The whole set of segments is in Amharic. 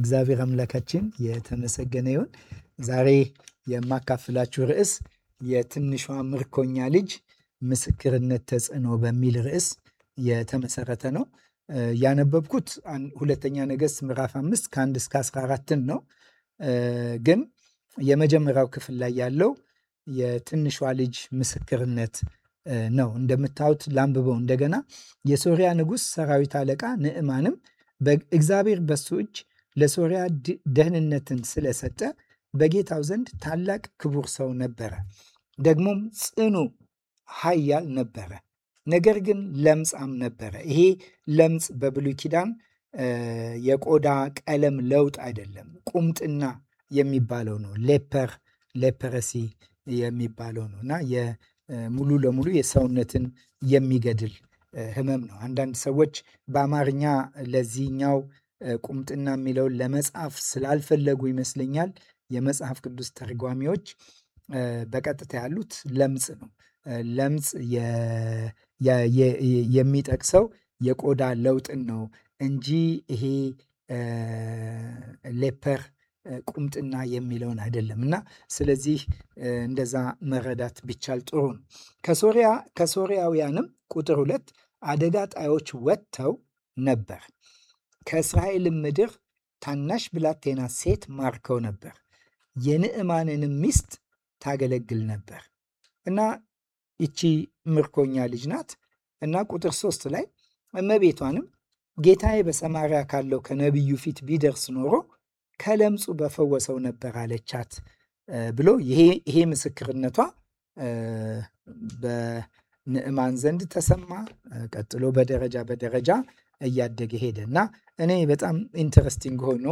እግዚአብሔር አምላካችን የተመሰገነ ይሁን። ዛሬ የማካፍላችሁ ርዕስ የትንሿ ምርኮኛ ልጅ ምስክርነት ተጽዕኖ በሚል ርዕስ የተመሰረተ ነው። ያነበብኩት ሁለተኛ ነገሥት ምዕራፍ አምስት ከአንድ እስከ አስራ አራትን ነው። ግን የመጀመሪያው ክፍል ላይ ያለው የትንሿ ልጅ ምስክርነት ነው። እንደምታዩት ላንብበው እንደገና። የሶሪያ ንጉሥ ሰራዊት አለቃ ንዕማንም እግዚአብሔር በሱ እጅ ለሶሪያ ደህንነትን ስለሰጠ በጌታው ዘንድ ታላቅ ክቡር ሰው ነበረ። ደግሞም ጽኑ ኃያል ነበረ። ነገር ግን ለምጻም ነበረ። ይሄ ለምጽ በብሉይ ኪዳን የቆዳ ቀለም ለውጥ አይደለም፣ ቁምጥና የሚባለው ነው። ሌፐር ሌፐረሲ የሚባለው ነው እና ሙሉ ለሙሉ የሰውነትን የሚገድል ህመም ነው። አንዳንድ ሰዎች በአማርኛ ለዚህኛው ቁምጥና የሚለውን ለመጻፍ ስላልፈለጉ ይመስለኛል የመጽሐፍ ቅዱስ ተርጓሚዎች በቀጥታ ያሉት ለምጽ ነው። ለምጽ የሚጠቅሰው የቆዳ ለውጥን ነው እንጂ ይሄ ሌፐር ቁምጥና የሚለውን አይደለም። እና ስለዚህ እንደዛ መረዳት ቢቻል ጥሩ ነው። ከሶሪያውያንም ቁጥር ሁለት አደጋ ጣዮች ወጥተው ነበር ከእስራኤልም ምድር ታናሽ ብላቴና ሴት ማርከው ነበር። የንዕማንንም ሚስት ታገለግል ነበር እና ይቺ ምርኮኛ ልጅ ናት እና ቁጥር ሶስት ላይ እመቤቷንም ጌታዬ በሰማሪያ ካለው ከነቢዩ ፊት ቢደርስ ኖሮ ከለምጹ በፈወሰው ነበር አለቻት ብሎ ይሄ ምስክርነቷ በንዕማን ዘንድ ተሰማ። ቀጥሎ በደረጃ በደረጃ እያደገ ሄደ እና እኔ በጣም ኢንተረስቲንግ ሆኖ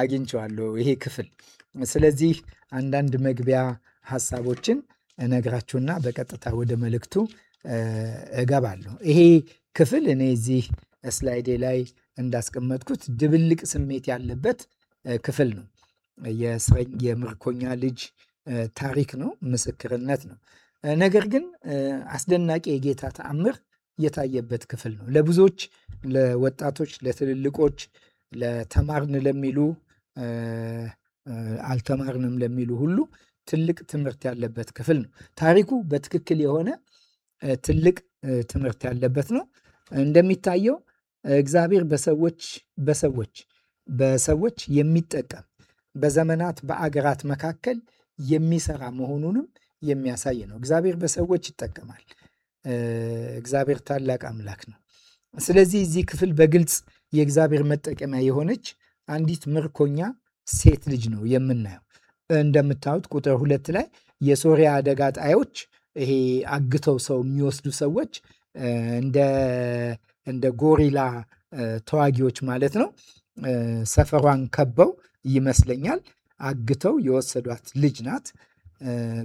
አግኝቸዋለሁ ይሄ ክፍል። ስለዚህ አንዳንድ መግቢያ ሀሳቦችን እነግራችሁና በቀጥታ ወደ መልእክቱ እገባለሁ። ይሄ ክፍል እኔ እዚህ ስላይዴ ላይ እንዳስቀመጥኩት ድብልቅ ስሜት ያለበት ክፍል ነው። የምርኮኛ ልጅ ታሪክ ነው፣ ምስክርነት ነው። ነገር ግን አስደናቂ የጌታ ተአምር የታየበት ክፍል ነው። ለብዙዎች ለወጣቶች፣ ለትልልቆች፣ ለተማርን ለሚሉ አልተማርንም ለሚሉ ሁሉ ትልቅ ትምህርት ያለበት ክፍል ነው። ታሪኩ በትክክል የሆነ ትልቅ ትምህርት ያለበት ነው። እንደሚታየው እግዚአብሔር በሰዎች በሰዎች በሰዎች የሚጠቀም በዘመናት በአገራት መካከል የሚሰራ መሆኑንም የሚያሳይ ነው። እግዚአብሔር በሰዎች ይጠቀማል። እግዚአብሔር ታላቅ አምላክ ነው። ስለዚህ እዚህ ክፍል በግልጽ የእግዚአብሔር መጠቀሚያ የሆነች አንዲት ምርኮኛ ሴት ልጅ ነው የምናየው። እንደምታዩት ቁጥር ሁለት ላይ የሶሪያ አደጋ ጣዮች ይሄ አግተው ሰው የሚወስዱ ሰዎች እንደ ጎሪላ ተዋጊዎች ማለት ነው። ሰፈሯን ከበው ይመስለኛል አግተው የወሰዷት ልጅ ናት።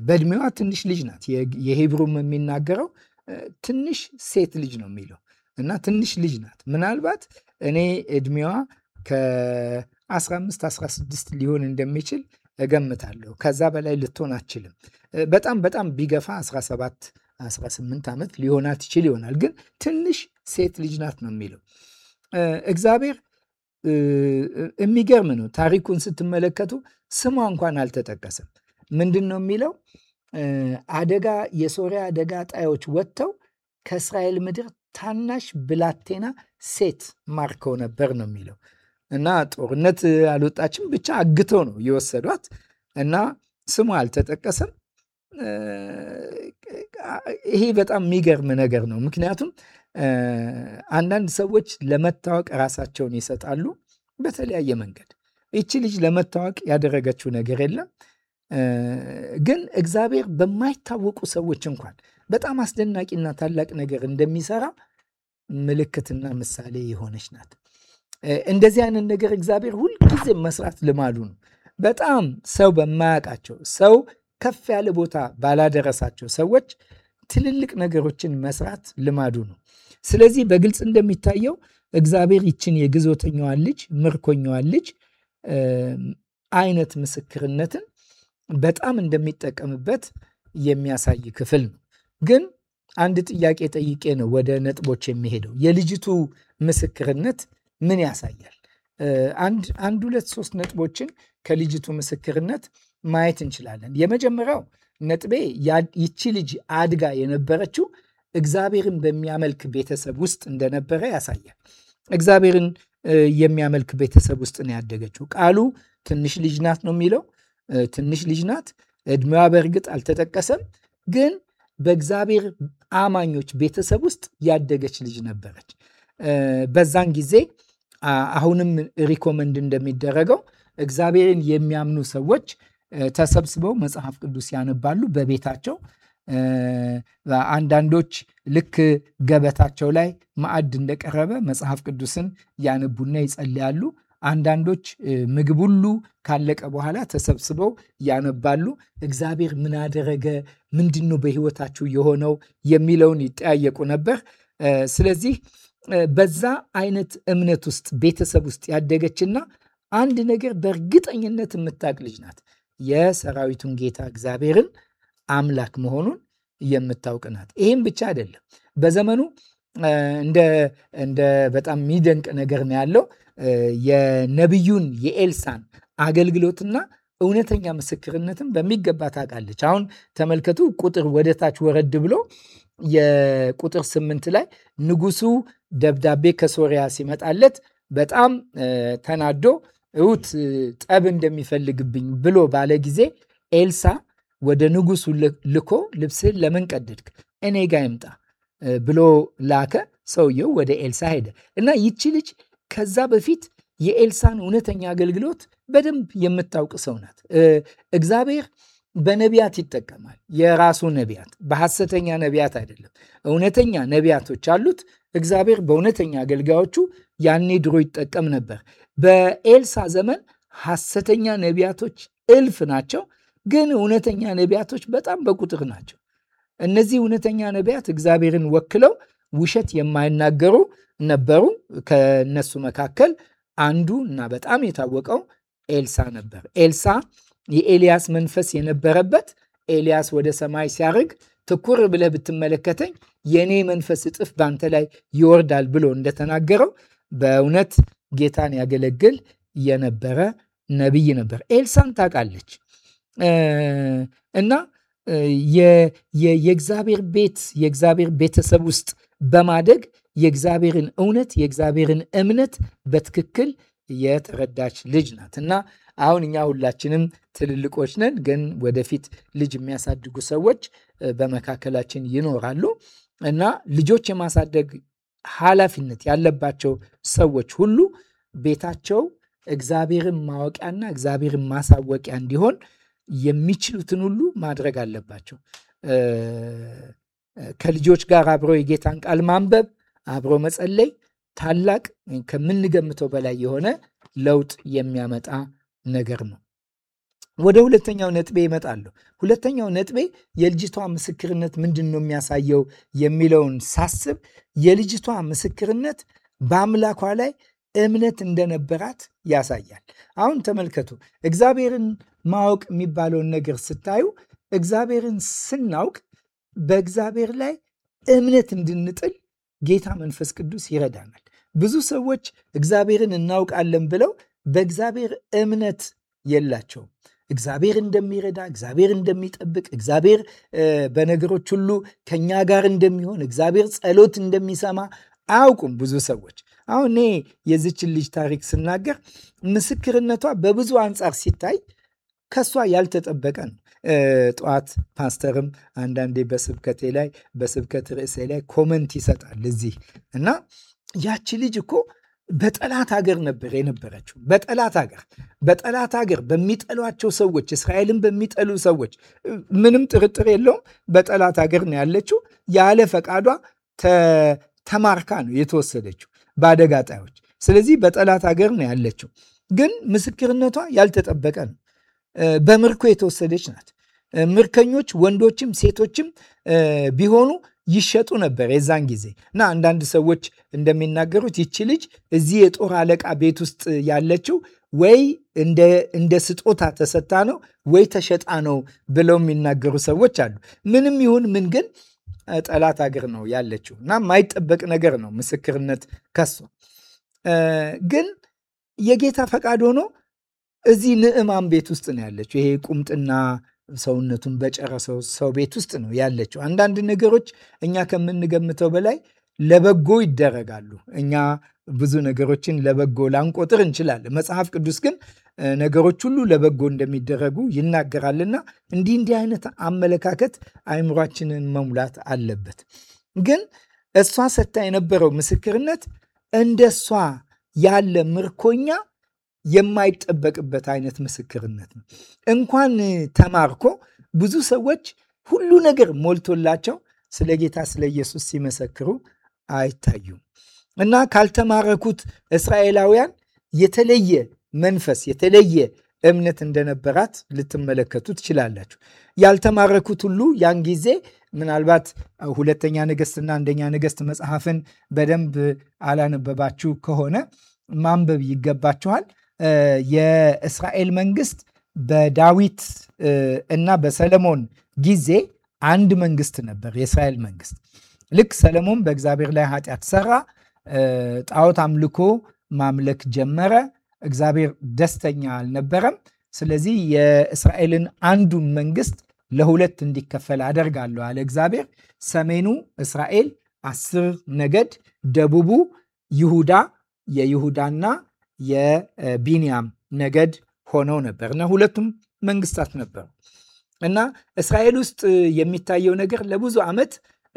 በእድሜዋ ትንሽ ልጅ ናት። የሂብሩም የሚናገረው ትንሽ ሴት ልጅ ነው የሚለው እና ትንሽ ልጅ ናት። ምናልባት እኔ እድሜዋ ከ15 16 ሊሆን እንደሚችል እገምታለሁ። ከዛ በላይ ልትሆን አትችልም። በጣም በጣም ቢገፋ 17 18 ዓመት ሊሆናት ይችል ይሆናል። ግን ትንሽ ሴት ልጅ ናት ነው የሚለው እግዚአብሔር። የሚገርም ነው። ታሪኩን ስትመለከቱ ስሟ እንኳን አልተጠቀሰም። ምንድን ነው የሚለው አደጋ የሶሪያ አደጋ ጣዮች ወጥተው ከእስራኤል ምድር ታናሽ ብላቴና ሴት ማርከው ነበር ነው የሚለው እና ጦርነት አልወጣችም ብቻ አግተው ነው የወሰዷት እና ስሙ አልተጠቀሰም። ይሄ በጣም የሚገርም ነገር ነው። ምክንያቱም አንዳንድ ሰዎች ለመታወቅ ራሳቸውን ይሰጣሉ በተለያየ መንገድ። ይቺ ልጅ ለመታወቅ ያደረገችው ነገር የለም። ግን እግዚአብሔር በማይታወቁ ሰዎች እንኳን በጣም አስደናቂና ታላቅ ነገር እንደሚሰራ ምልክትና ምሳሌ የሆነች ናት። እንደዚህ አይነት ነገር እግዚአብሔር ሁልጊዜ መስራት ልማዱ ነው። በጣም ሰው በማያውቃቸው ሰው ከፍ ያለ ቦታ ባላደረሳቸው ሰዎች ትልልቅ ነገሮችን መስራት ልማዱ ነው። ስለዚህ በግልጽ እንደሚታየው እግዚአብሔር ይችን የግዞተኛዋን ልጅ ምርኮኛዋን ልጅ አይነት ምስክርነትን በጣም እንደሚጠቀምበት የሚያሳይ ክፍል ነው። ግን አንድ ጥያቄ ጠይቄ ነው ወደ ነጥቦች የሚሄደው። የልጅቱ ምስክርነት ምን ያሳያል? አንድ ሁለት ሶስት ነጥቦችን ከልጅቱ ምስክርነት ማየት እንችላለን። የመጀመሪያው ነጥቤ ይቺ ልጅ አድጋ የነበረችው እግዚአብሔርን በሚያመልክ ቤተሰብ ውስጥ እንደነበረ ያሳያል። እግዚአብሔርን የሚያመልክ ቤተሰብ ውስጥ ነው ያደገችው። ቃሉ ትንሽ ልጅ ናት ነው የሚለው ትንሽ ልጅ ናት። እድሜዋ በእርግጥ አልተጠቀሰም፣ ግን በእግዚአብሔር አማኞች ቤተሰብ ውስጥ ያደገች ልጅ ነበረች። በዛን ጊዜ አሁንም ሪኮመንድ እንደሚደረገው እግዚአብሔርን የሚያምኑ ሰዎች ተሰብስበው መጽሐፍ ቅዱስ ያነባሉ በቤታቸው። አንዳንዶች ልክ ገበታቸው ላይ ማዕድ እንደቀረበ መጽሐፍ ቅዱስን ያነቡና ይጸልያሉ። አንዳንዶች ምግብ ሁሉ ካለቀ በኋላ ተሰብስበው ያነባሉ። እግዚአብሔር ምን አደረገ? ምንድን ነው በህይወታችሁ የሆነው የሚለውን ይጠያየቁ ነበር። ስለዚህ በዛ አይነት እምነት ውስጥ ቤተሰብ ውስጥ ያደገችና አንድ ነገር በእርግጠኝነት የምታውቅ ልጅ ናት። የሰራዊቱን ጌታ እግዚአብሔርን አምላክ መሆኑን የምታውቅ ናት። ይህም ብቻ አይደለም። በዘመኑ እንደ በጣም የሚደንቅ ነገር ነው ያለው የነቢዩን የኤልሳን አገልግሎትና እውነተኛ ምስክርነትን በሚገባ ታውቃለች። አሁን ተመልከቱ ቁጥር ወደታች ወረድ ብሎ የቁጥር ስምንት ላይ ንጉሱ ደብዳቤ ከሶሪያ ሲመጣለት በጣም ተናዶ እውት ጠብ እንደሚፈልግብኝ ብሎ ባለ ጊዜ ኤልሳ ወደ ንጉሱ ልኮ ልብስህን ለምን ቀደድክ? እኔ ጋ ይምጣ ብሎ ላከ። ሰውየው ወደ ኤልሳ ሄደ እና ይቺ ልጅ ከዛ በፊት የኤልሳን እውነተኛ አገልግሎት በደንብ የምታውቅ ሰው ናት። እግዚአብሔር በነቢያት ይጠቀማል። የራሱ ነቢያት፣ በሐሰተኛ ነቢያት አይደለም። እውነተኛ ነቢያቶች አሉት። እግዚአብሔር በእውነተኛ አገልጋዮቹ ያኔ ድሮ ይጠቀም ነበር። በኤልሳ ዘመን ሐሰተኛ ነቢያቶች እልፍ ናቸው፣ ግን እውነተኛ ነቢያቶች በጣም በቁጥር ናቸው። እነዚህ እውነተኛ ነቢያት እግዚአብሔርን ወክለው ውሸት የማይናገሩ ነበሩ። ከነሱ መካከል አንዱ እና በጣም የታወቀው ኤልሳ ነበር። ኤልሳ የኤልያስ መንፈስ የነበረበት ኤልያስ ወደ ሰማይ ሲያርግ ትኩር ብለህ ብትመለከተኝ የእኔ መንፈስ እጥፍ በአንተ ላይ ይወርዳል ብሎ እንደተናገረው በእውነት ጌታን ያገለግል የነበረ ነቢይ ነበር። ኤልሳን ታውቃለች እና የእግዚአብሔር ቤት የእግዚአብሔር ቤተሰብ ውስጥ በማደግ የእግዚአብሔርን እውነት የእግዚአብሔርን እምነት በትክክል የተረዳች ልጅ ናት እና አሁን እኛ ሁላችንም ትልልቆች ነን፣ ግን ወደፊት ልጅ የሚያሳድጉ ሰዎች በመካከላችን ይኖራሉ እና ልጆች የማሳደግ ኃላፊነት ያለባቸው ሰዎች ሁሉ ቤታቸው እግዚአብሔርን ማወቂያና እግዚአብሔርን ማሳወቂያ እንዲሆን የሚችሉትን ሁሉ ማድረግ አለባቸው። ከልጆች ጋር አብሮ የጌታን ቃል ማንበብ፣ አብሮ መጸለይ ታላቅ ከምንገምተው በላይ የሆነ ለውጥ የሚያመጣ ነገር ነው። ወደ ሁለተኛው ነጥቤ ይመጣሉ። ሁለተኛው ነጥቤ የልጅቷ ምስክርነት ምንድን ነው የሚያሳየው የሚለውን ሳስብ የልጅቷ ምስክርነት በአምላኳ ላይ እምነት እንደነበራት ያሳያል። አሁን ተመልከቱ፣ እግዚአብሔርን ማወቅ የሚባለውን ነገር ስታዩ እግዚአብሔርን ስናውቅ በእግዚአብሔር ላይ እምነት እንድንጥል ጌታ መንፈስ ቅዱስ ይረዳናል። ብዙ ሰዎች እግዚአብሔርን እናውቃለን ብለው በእግዚአብሔር እምነት የላቸውም። እግዚአብሔር እንደሚረዳ፣ እግዚአብሔር እንደሚጠብቅ፣ እግዚአብሔር በነገሮች ሁሉ ከኛ ጋር እንደሚሆን፣ እግዚአብሔር ጸሎት እንደሚሰማ አያውቁም ብዙ ሰዎች። አሁን እኔ ልጅ ታሪክ ስናገር ምስክርነቷ በብዙ አንጻር ሲታይ ከሷ ያልተጠበቀ ነው። ጠዋት ፓስተርም አንዳንዴ በስብከቴ ላይ በስብከት ርዕሴ ላይ ኮመንት ይሰጣል እዚህ እና ያቺ ልጅ እኮ በጠላት ሀገር ነበር የነበረችው። በጠላት ሀገር በጠላት ሀገር በሚጠሏቸው ሰዎች እስራኤልን በሚጠሉ ሰዎች ምንም ጥርጥር የለውም። በጠላት ሀገር ነው ያለችው። ያለ ፈቃዷ ተማርካ ነው የተወሰደችው። በአደጋ ጣዮች። ስለዚህ በጠላት ሀገር ነው ያለችው፣ ግን ምስክርነቷ ያልተጠበቀ ነው። በምርኮ የተወሰደች ናት። ምርከኞች ወንዶችም ሴቶችም ቢሆኑ ይሸጡ ነበር የዛን ጊዜ እና አንዳንድ ሰዎች እንደሚናገሩት ይቺ ልጅ እዚህ የጦር አለቃ ቤት ውስጥ ያለችው ወይ እንደ ስጦታ ተሰጥታ ነው ወይ ተሸጣ ነው ብለው የሚናገሩ ሰዎች አሉ። ምንም ይሁን ምን ግን ጠላት ሀገር ነው ያለችው እና የማይጠበቅ ነገር ነው ምስክርነት ከሷ። ግን የጌታ ፈቃድ ሆኖ እዚህ ንዕማን ቤት ውስጥ ነው ያለችው። ይሄ ቁምጥና ሰውነቱን በጨረሰው ሰው ቤት ውስጥ ነው ያለችው። አንዳንድ ነገሮች እኛ ከምንገምተው በላይ ለበጎ ይደረጋሉ። እኛ ብዙ ነገሮችን ለበጎ ላንቆጥር እንችላለን። መጽሐፍ ቅዱስ ግን ነገሮች ሁሉ ለበጎ እንደሚደረጉ ይናገራልና እንዲህ እንዲህ አይነት አመለካከት አይምሯችንን መሙላት አለበት። ግን እሷ ሰጥታ የነበረው ምስክርነት እንደ እሷ ያለ ምርኮኛ የማይጠበቅበት አይነት ምስክርነት ነው። እንኳን ተማርኮ ብዙ ሰዎች ሁሉ ነገር ሞልቶላቸው ስለ ጌታ ስለ ኢየሱስ ሲመሰክሩ አይታዩም እና ካልተማረኩት እስራኤላውያን የተለየ መንፈስ የተለየ እምነት እንደነበራት ልትመለከቱ ትችላላችሁ። ያልተማረኩት ሁሉ ያን ጊዜ ምናልባት ሁለተኛ ነገሥትና አንደኛ ነገስት መጽሐፍን በደንብ አላነበባችሁ ከሆነ ማንበብ ይገባችኋል። የእስራኤል መንግስት በዳዊት እና በሰለሞን ጊዜ አንድ መንግስት ነበር፣ የእስራኤል መንግስት ልክ ሰለሞን በእግዚአብሔር ላይ ኃጢአት ሰራ፣ ጣዖት አምልኮ ማምለክ ጀመረ። እግዚአብሔር ደስተኛ አልነበረም። ስለዚህ የእስራኤልን አንዱን መንግስት ለሁለት እንዲከፈል አደርጋለሁ አለ እግዚአብሔር። ሰሜኑ እስራኤል አስር ነገድ፣ ደቡቡ ይሁዳ የይሁዳና የቢንያም ነገድ ሆነው ነበር እና ሁለቱም መንግስታት ነበሩ እና እስራኤል ውስጥ የሚታየው ነገር ለብዙ ዓመት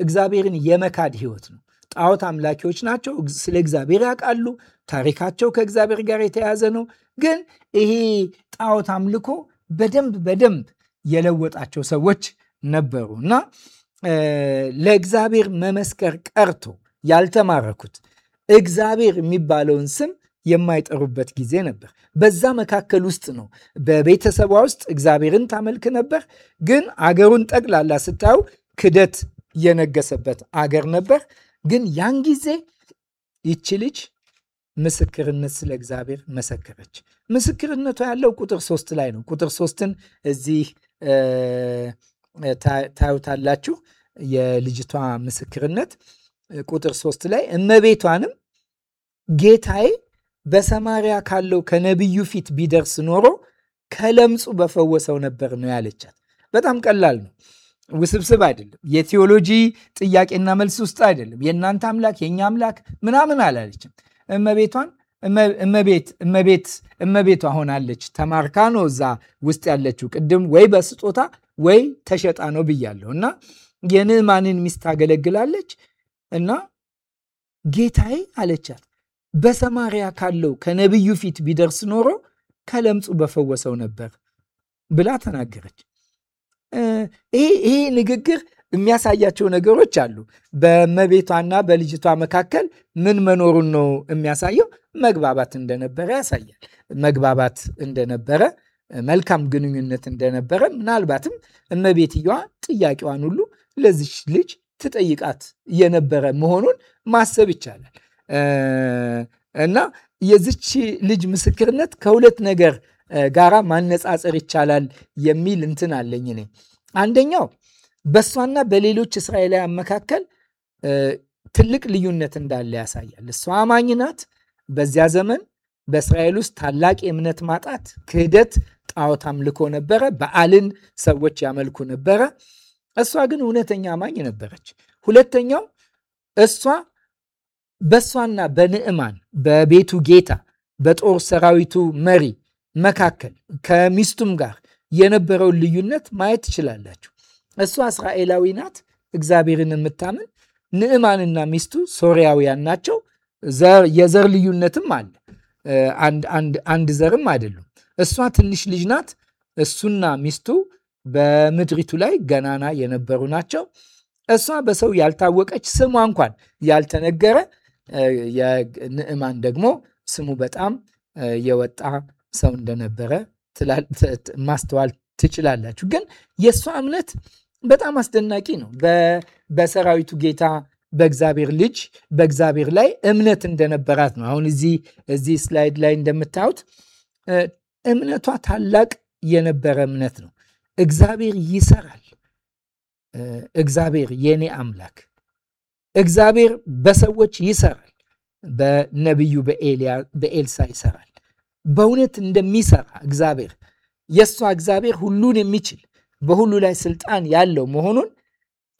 እግዚአብሔርን የመካድ ህይወት ነው። ጣዖት አምላኪዎች ናቸው። ስለ እግዚአብሔር ያውቃሉ። ታሪካቸው ከእግዚአብሔር ጋር የተያያዘ ነው። ግን ይሄ ጣዖት አምልኮ በደንብ በደንብ የለወጣቸው ሰዎች ነበሩ እና ለእግዚአብሔር መመስከር ቀርቶ ያልተማረኩት እግዚአብሔር የሚባለውን ስም የማይጠሩበት ጊዜ ነበር። በዛ መካከል ውስጥ ነው። በቤተሰቧ ውስጥ እግዚአብሔርን ታመልክ ነበር፣ ግን አገሩን ጠቅላላ ስታዩ ክደት የነገሰበት አገር ነበር። ግን ያን ጊዜ ይቺ ልጅ ምስክርነት ስለ እግዚአብሔር መሰከረች። ምስክርነቷ ያለው ቁጥር ሶስት ላይ ነው። ቁጥር ሶስትን እዚህ ታዩታላችሁ። የልጅቷ ምስክርነት ቁጥር ሶስት ላይ እመቤቷንም ጌታዬ በሰማሪያ ካለው ከነቢዩ ፊት ቢደርስ ኖሮ ከለምጹ በፈወሰው ነበር ነው ያለቻት። በጣም ቀላል ነው። ውስብስብ አይደለም። የቴዎሎጂ ጥያቄና መልስ ውስጥ አይደለም። የእናንተ አምላክ የእኛ አምላክ ምናምን አላለችም። እመቤቷን እመቤት እመቤት እመቤቷ ሆናለች ተማርካ ነው እዛ ውስጥ ያለችው። ቅድም ወይ በስጦታ ወይ ተሸጣ ነው ብያለሁ እና የንዕማንን ሚስት ታገለግላለች እና ጌታዬ አለቻት በሰማሪያ ካለው ከነቢዩ ፊት ቢደርስ ኖሮ ከለምጹ በፈወሰው ነበር ብላ ተናገረች። ይሄ ንግግር የሚያሳያቸው ነገሮች አሉ። ና በልጅቷ መካከል ምን መኖሩን ነው የሚያሳየው? መግባባት እንደነበረ ያሳያል። መግባባት እንደነበረ፣ መልካም ግንኙነት እንደነበረ፣ ምናልባትም እመቤትየዋ ጥያቄዋን ሁሉ ለዚች ልጅ ትጠይቃት የነበረ መሆኑን ማሰብ ይቻላል እና የዚች ልጅ ምስክርነት ከሁለት ነገር ጋራ ማነጻጸር ይቻላል የሚል እንትን አለኝ እኔ። አንደኛው በእሷና በሌሎች እስራኤላውያን መካከል ትልቅ ልዩነት እንዳለ ያሳያል። እሷ አማኝ ናት። በዚያ ዘመን በእስራኤል ውስጥ ታላቅ የእምነት ማጣት፣ ክህደት፣ ጣዖት አምልኮ ነበረ። በዓልን ሰዎች ያመልኩ ነበረ። እሷ ግን እውነተኛ አማኝ ነበረች። ሁለተኛው እሷ በእሷና በንዕማን በቤቱ ጌታ በጦር ሰራዊቱ መሪ መካከል ከሚስቱም ጋር የነበረውን ልዩነት ማየት ትችላላችሁ። እሷ እስራኤላዊ ናት፣ እግዚአብሔርን የምታምን ንዕማንና ሚስቱ ሶሪያውያን ናቸው። የዘር ልዩነትም አለ። አንድ ዘርም አይደሉም። እሷ ትንሽ ልጅ ናት። እሱና ሚስቱ በምድሪቱ ላይ ገናና የነበሩ ናቸው። እሷ በሰው ያልታወቀች ስሟ እንኳን ያልተነገረ፣ ንዕማን ደግሞ ስሙ በጣም የወጣ ሰው እንደነበረ ማስተዋል ትችላላችሁ። ግን የእሷ እምነት በጣም አስደናቂ ነው። በሰራዊቱ ጌታ በእግዚአብሔር ልጅ በእግዚአብሔር ላይ እምነት እንደነበራት ነው። አሁን እዚህ ስላይድ ላይ እንደምታዩት እምነቷ ታላቅ የነበረ እምነት ነው። እግዚአብሔር ይሰራል፣ እግዚአብሔር የኔ አምላክ፣ እግዚአብሔር በሰዎች ይሰራል። በነቢዩ በኤልሳ ይሰራል በእውነት እንደሚሰራ እግዚአብሔር የእሷ እግዚአብሔር ሁሉን የሚችል በሁሉ ላይ ስልጣን ያለው መሆኑን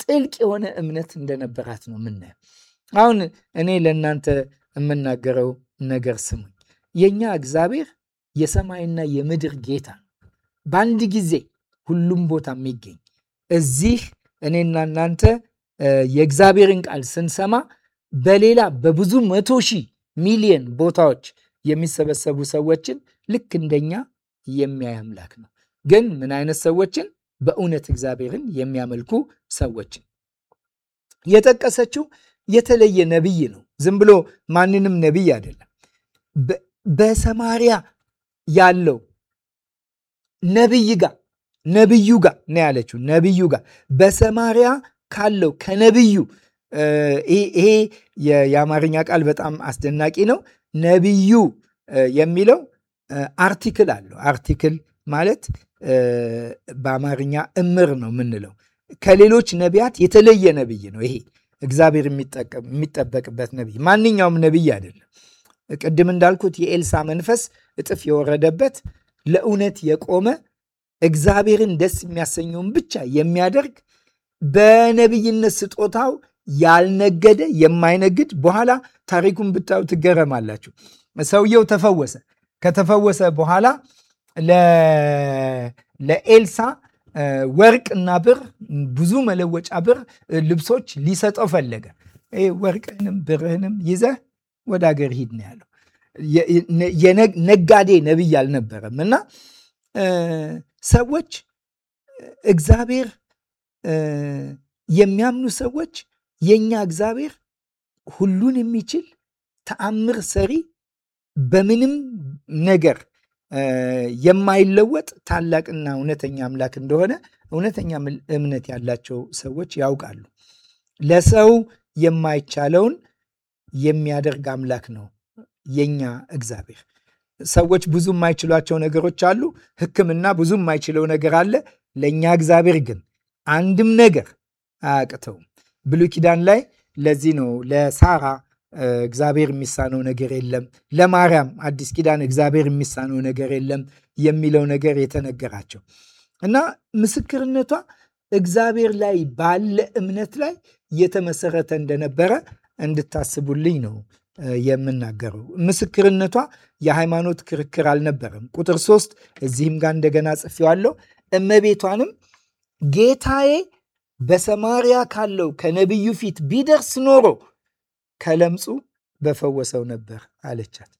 ጥልቅ የሆነ እምነት እንደነበራት ነው የምናየው። አሁን እኔ ለእናንተ የምናገረው ነገር ስሙኝ። የእኛ እግዚአብሔር የሰማይና የምድር ጌታ በአንድ ጊዜ ሁሉም ቦታ የሚገኝ እዚህ እኔና እናንተ የእግዚአብሔርን ቃል ስንሰማ በሌላ በብዙ መቶ ሺህ ሚሊየን ቦታዎች የሚሰበሰቡ ሰዎችን ልክ እንደኛ የሚያይ አምላክ ነው። ግን ምን አይነት ሰዎችን? በእውነት እግዚአብሔርን የሚያመልኩ ሰዎችን። የጠቀሰችው የተለየ ነቢይ ነው። ዝም ብሎ ማንንም ነቢይ አይደለም። በሰማሪያ ያለው ነቢይ ጋር ነቢዩ ጋር ነው ያለችው። ነቢዩ ጋር በሰማሪያ ካለው ከነቢዩ ይሄ የአማርኛ ቃል በጣም አስደናቂ ነው። ነቢዩ የሚለው አርቲክል አለው። አርቲክል ማለት በአማርኛ እምር ነው የምንለው። ከሌሎች ነቢያት የተለየ ነቢይ ነው ይሄ። እግዚአብሔር የሚጠበቅበት ነቢይ ማንኛውም ነቢይ አይደለም። ቅድም እንዳልኩት የኤልሳ መንፈስ እጥፍ የወረደበት ለእውነት የቆመ እግዚአብሔርን ደስ የሚያሰኘውን ብቻ የሚያደርግ በነቢይነት ስጦታው ያልነገደ የማይነግድ በኋላ ታሪኩን ብታዩ ትገረማላችሁ። ሰውየው ተፈወሰ። ከተፈወሰ በኋላ ለኤልሳ ወርቅና ብር ብዙ መለወጫ ብር ልብሶች ሊሰጠው ፈለገ። ወርቅንም ብርህንም ይዘህ ወደ ሀገር ሂድ ነው ያለው። ነጋዴ ነቢይ አልነበረም እና ሰዎች እግዚአብሔር የሚያምኑ ሰዎች የእኛ እግዚአብሔር ሁሉን የሚችል ተአምር ሰሪ በምንም ነገር የማይለወጥ ታላቅና እውነተኛ አምላክ እንደሆነ እውነተኛ እምነት ያላቸው ሰዎች ያውቃሉ። ለሰው የማይቻለውን የሚያደርግ አምላክ ነው የኛ እግዚአብሔር። ሰዎች ብዙ የማይችሏቸው ነገሮች አሉ። ሕክምና ብዙ የማይችለው ነገር አለ። ለእኛ እግዚአብሔር ግን አንድም ነገር አያቅተውም። ብሉይ ኪዳን ላይ ለዚህ ነው ለሳራ እግዚአብሔር የሚሳነው ነገር የለም፣ ለማርያም አዲስ ኪዳን እግዚአብሔር የሚሳነው ነገር የለም የሚለው ነገር የተነገራቸው እና ምስክርነቷ እግዚአብሔር ላይ ባለ እምነት ላይ የተመሰረተ እንደነበረ እንድታስቡልኝ ነው የምናገረው። ምስክርነቷ የሃይማኖት ክርክር አልነበረም። ቁጥር ሶስት እዚህም ጋር እንደገና ጽፌዋለሁ። እመቤቷንም ጌታዬ በሰማሪያ ካለው ከነቢዩ ፊት ቢደርስ ኖሮ ከለምጹ በፈወሰው ነበር አለቻት።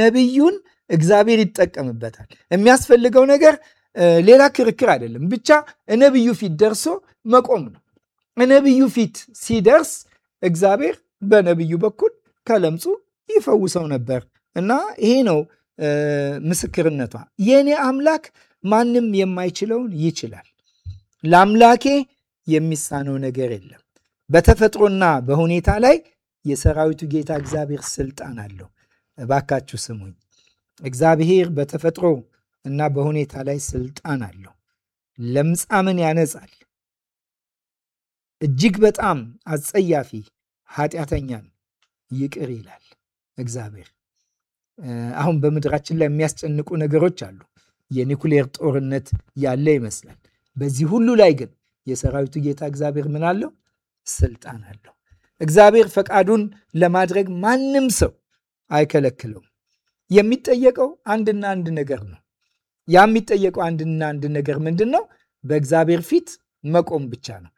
ነቢዩን እግዚአብሔር ይጠቀምበታል። የሚያስፈልገው ነገር ሌላ ክርክር አይደለም፣ ብቻ እነብዩ ፊት ደርሶ መቆም ነው። እነብዩ ፊት ሲደርስ እግዚአብሔር በነብዩ በኩል ከለምጹ ይፈውሰው ነበር እና ይሄ ነው ምስክርነቷ። የእኔ አምላክ ማንም የማይችለውን ይችላል። ለአምላኬ የሚሳነው ነገር የለም። በተፈጥሮና በሁኔታ ላይ የሰራዊቱ ጌታ እግዚአብሔር ስልጣን አለው። እባካችሁ ስሙኝ። እግዚአብሔር በተፈጥሮ እና በሁኔታ ላይ ስልጣን አለው። ለምጻምን ያነጻል። እጅግ በጣም አጸያፊ ኃጢአተኛን ይቅር ይላል እግዚአብሔር። አሁን በምድራችን ላይ የሚያስጨንቁ ነገሮች አሉ። የኒኩሌር ጦርነት ያለ ይመስላል። በዚህ ሁሉ ላይ ግን የሰራዊቱ ጌታ እግዚአብሔር ምን አለው? ስልጣን አለው። እግዚአብሔር ፈቃዱን ለማድረግ ማንም ሰው አይከለክለውም። የሚጠየቀው አንድና አንድ ነገር ነው። ያ የሚጠየቀው አንድና አንድ ነገር ምንድን ነው? በእግዚአብሔር ፊት መቆም ብቻ ነው።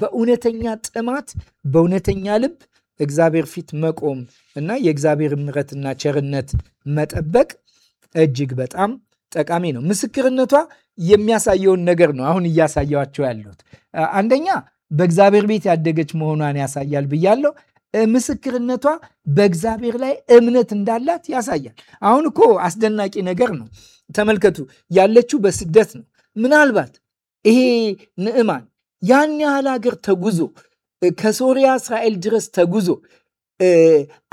በእውነተኛ ጥማት፣ በእውነተኛ ልብ እግዚአብሔር ፊት መቆም እና የእግዚአብሔር ምሕረትና ቸርነት መጠበቅ እጅግ በጣም ጠቃሚ ነው። ምስክርነቷ የሚያሳየውን ነገር ነው አሁን እያሳያቸው ያሉት። አንደኛ በእግዚአብሔር ቤት ያደገች መሆኗን ያሳያል ብያለሁ። ምስክርነቷ በእግዚአብሔር ላይ እምነት እንዳላት ያሳያል። አሁን እኮ አስደናቂ ነገር ነው። ተመልከቱ፣ ያለችው በስደት ነው። ምናልባት ይሄ ንዕማን ያን ያህል ሀገር ተጉዞ ከሶሪያ እስራኤል ድረስ ተጉዞ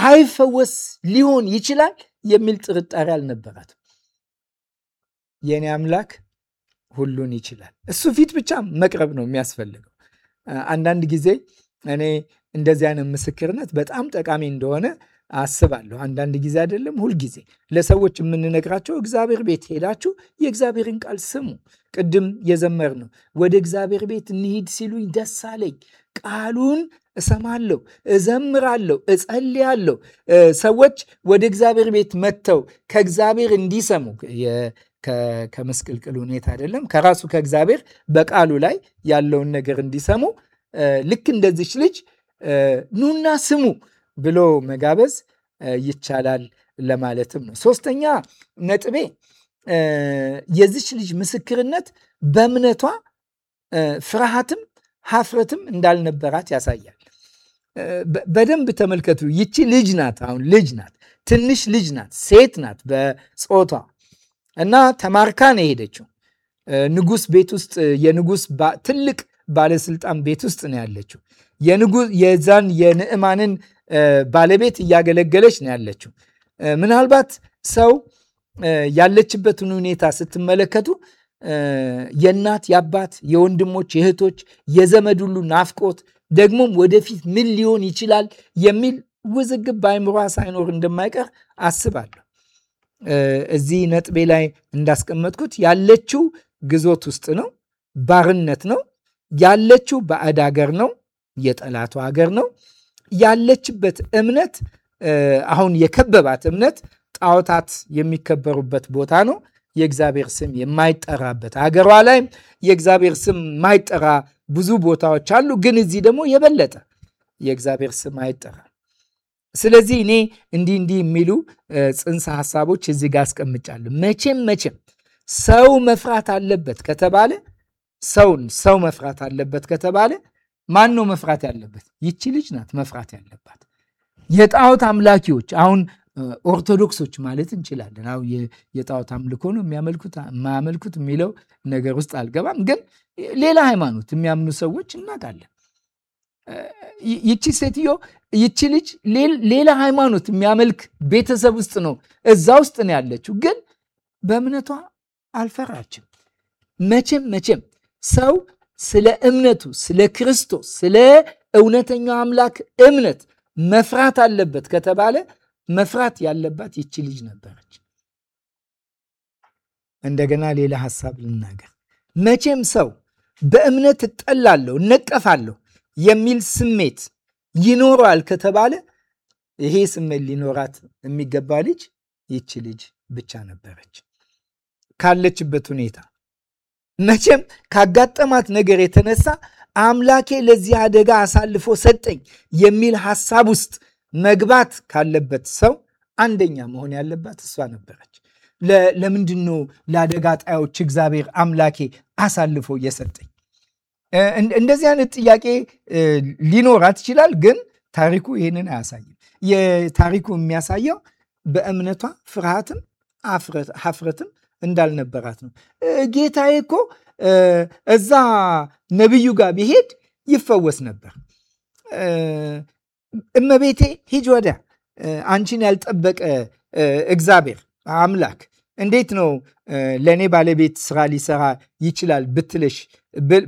አይፈወስ ሊሆን ይችላል የሚል ጥርጣሬ አልነበራትም። የእኔ አምላክ ሁሉን ይችላል። እሱ ፊት ብቻ መቅረብ ነው የሚያስፈልገው። አንዳንድ ጊዜ እኔ እንደዚህ አይነት ምስክርነት በጣም ጠቃሚ እንደሆነ አስባለሁ። አንዳንድ ጊዜ አይደለም ሁልጊዜ ለሰዎች የምንነግራቸው እግዚአብሔር ቤት ሄዳችሁ የእግዚአብሔርን ቃል ስሙ። ቅድም የዘመር ነው ወደ እግዚአብሔር ቤት እንሂድ ሲሉኝ ደስ አለኝ። ቃሉን እሰማለሁ፣ እዘምራለሁ፣ እጸልያለሁ። ሰዎች ወደ እግዚአብሔር ቤት መጥተው ከእግዚአብሔር እንዲሰሙ ከምስቅልቅል ሁኔታ አይደለም። ከራሱ ከእግዚአብሔር በቃሉ ላይ ያለውን ነገር እንዲሰሙ ልክ እንደዚች ልጅ ኑና ስሙ ብሎ መጋበዝ ይቻላል ለማለትም ነው። ሶስተኛ ነጥቤ የዚች ልጅ ምስክርነት በእምነቷ ፍርሃትም ሀፍረትም እንዳልነበራት ያሳያል። በደንብ ተመልከቱ። ይቺ ልጅ ናት፣ አሁን ልጅ ናት፣ ትንሽ ልጅ ናት፣ ሴት ናት በጾቷ እና ተማርካ ነው የሄደችው። ንጉስ ቤት ውስጥ የንጉስ ትልቅ ባለስልጣን ቤት ውስጥ ነው ያለችው። የዛን የንዕማንን ባለቤት እያገለገለች ነው ያለችው። ምናልባት ሰው ያለችበትን ሁኔታ ስትመለከቱ የእናት የአባት፣ የወንድሞች፣ የእህቶች፣ የዘመድ ሁሉ ናፍቆት ደግሞም ወደፊት ምን ሊሆን ይችላል የሚል ውዝግብ በአእምሯ ሳይኖር እንደማይቀር አስባለሁ። እዚህ ነጥቤ ላይ እንዳስቀመጥኩት ያለችው ግዞት ውስጥ ነው፣ ባርነት ነው ያለችው። ባዕድ አገር ነው፣ የጠላቱ አገር ነው ያለችበት። እምነት አሁን የከበባት እምነት ጣዖታት የሚከበሩበት ቦታ ነው። የእግዚአብሔር ስም የማይጠራበት አገሯ ላይ የእግዚአብሔር ስም ማይጠራ ብዙ ቦታዎች አሉ። ግን እዚህ ደግሞ የበለጠ የእግዚአብሔር ስም አይጠራም። ስለዚህ እኔ እንዲህ እንዲህ የሚሉ ጽንሰ ሀሳቦች እዚህ ጋር አስቀምጫለሁ። መቼም መቼም ሰው መፍራት አለበት ከተባለ ሰውን ሰው መፍራት አለበት ከተባለ ማን ነው መፍራት ያለበት? ይቺ ልጅ ናት መፍራት ያለባት። የጣዖት አምላኪዎች አሁን ኦርቶዶክሶች ማለት እንችላለን። አሁ የጣዖት አምልኮ ነው የሚያመልኩት የማያመልኩት የሚለው ነገር ውስጥ አልገባም፣ ግን ሌላ ሃይማኖት የሚያምኑ ሰዎች እናውቃለን። ይቺ ሴትዮ ይቺ ልጅ ሌላ ሃይማኖት የሚያመልክ ቤተሰብ ውስጥ ነው እዛ ውስጥ ነው ያለችው። ግን በእምነቷ አልፈራችም። መቼም መቼም ሰው ስለ እምነቱ ስለ ክርስቶስ ስለ እውነተኛው አምላክ እምነት መፍራት አለበት ከተባለ መፍራት ያለባት ይቺ ልጅ ነበረች። እንደገና ሌላ ሀሳብ ልናገር። መቼም ሰው በእምነት እጠላለሁ፣ እነቀፋለሁ የሚል ስሜት ይኖሯል ከተባለ ይሄ ስሜት ሊኖራት የሚገባ ልጅ ይቺ ልጅ ብቻ ነበረች። ካለችበት ሁኔታ መቼም ካጋጠማት ነገር የተነሳ አምላኬ ለዚህ አደጋ አሳልፎ ሰጠኝ የሚል ሀሳብ ውስጥ መግባት ካለበት ሰው አንደኛ መሆን ያለባት እሷ ነበረች። ለምንድን ነው ለአደጋ ጣዮች እግዚአብሔር አምላኬ አሳልፎ የሰጠኝ? እንደዚህ አይነት ጥያቄ ሊኖራት ይችላል፣ ግን ታሪኩ ይህንን አያሳይም። የታሪኩ የሚያሳየው በእምነቷ ፍርሃትም ሀፍረትም እንዳልነበራት ነው። ጌታዬ እኮ እዛ ነቢዩ ጋር ቢሄድ ይፈወስ ነበር። እመቤቴ ሂጅ ወዲያ አንቺን ያልጠበቀ እግዚአብሔር አምላክ እንዴት ነው ለእኔ ባለቤት ስራ ሊሰራ ይችላል ብትለሽ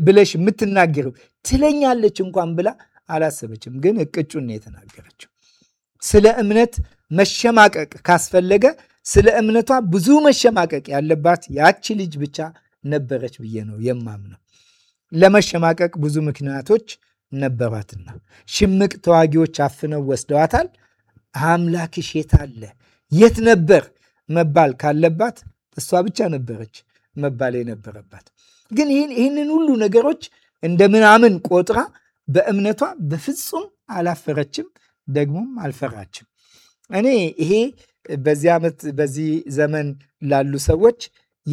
ብለሽ የምትናገረው ትለኛለች እንኳን ብላ አላሰበችም። ግን እቅጩን የተናገረችው ስለ እምነት መሸማቀቅ ካስፈለገ ስለ እምነቷ ብዙ መሸማቀቅ ያለባት ያቺ ልጅ ብቻ ነበረች ብዬ ነው የማምነው። ለመሸማቀቅ ብዙ ምክንያቶች ነበሯትና ሽምቅ ተዋጊዎች አፍነው ወስደዋታል። አምላክሽ የት አለ? የት ነበር መባል ካለባት እሷ ብቻ ነበረች መባል የነበረባት። ግን ይህንን ሁሉ ነገሮች እንደ ምናምን ቆጥራ በእምነቷ በፍጹም አላፈረችም፣ ደግሞም አልፈራችም። እኔ ይሄ በዚህ ዓመት በዚህ ዘመን ላሉ ሰዎች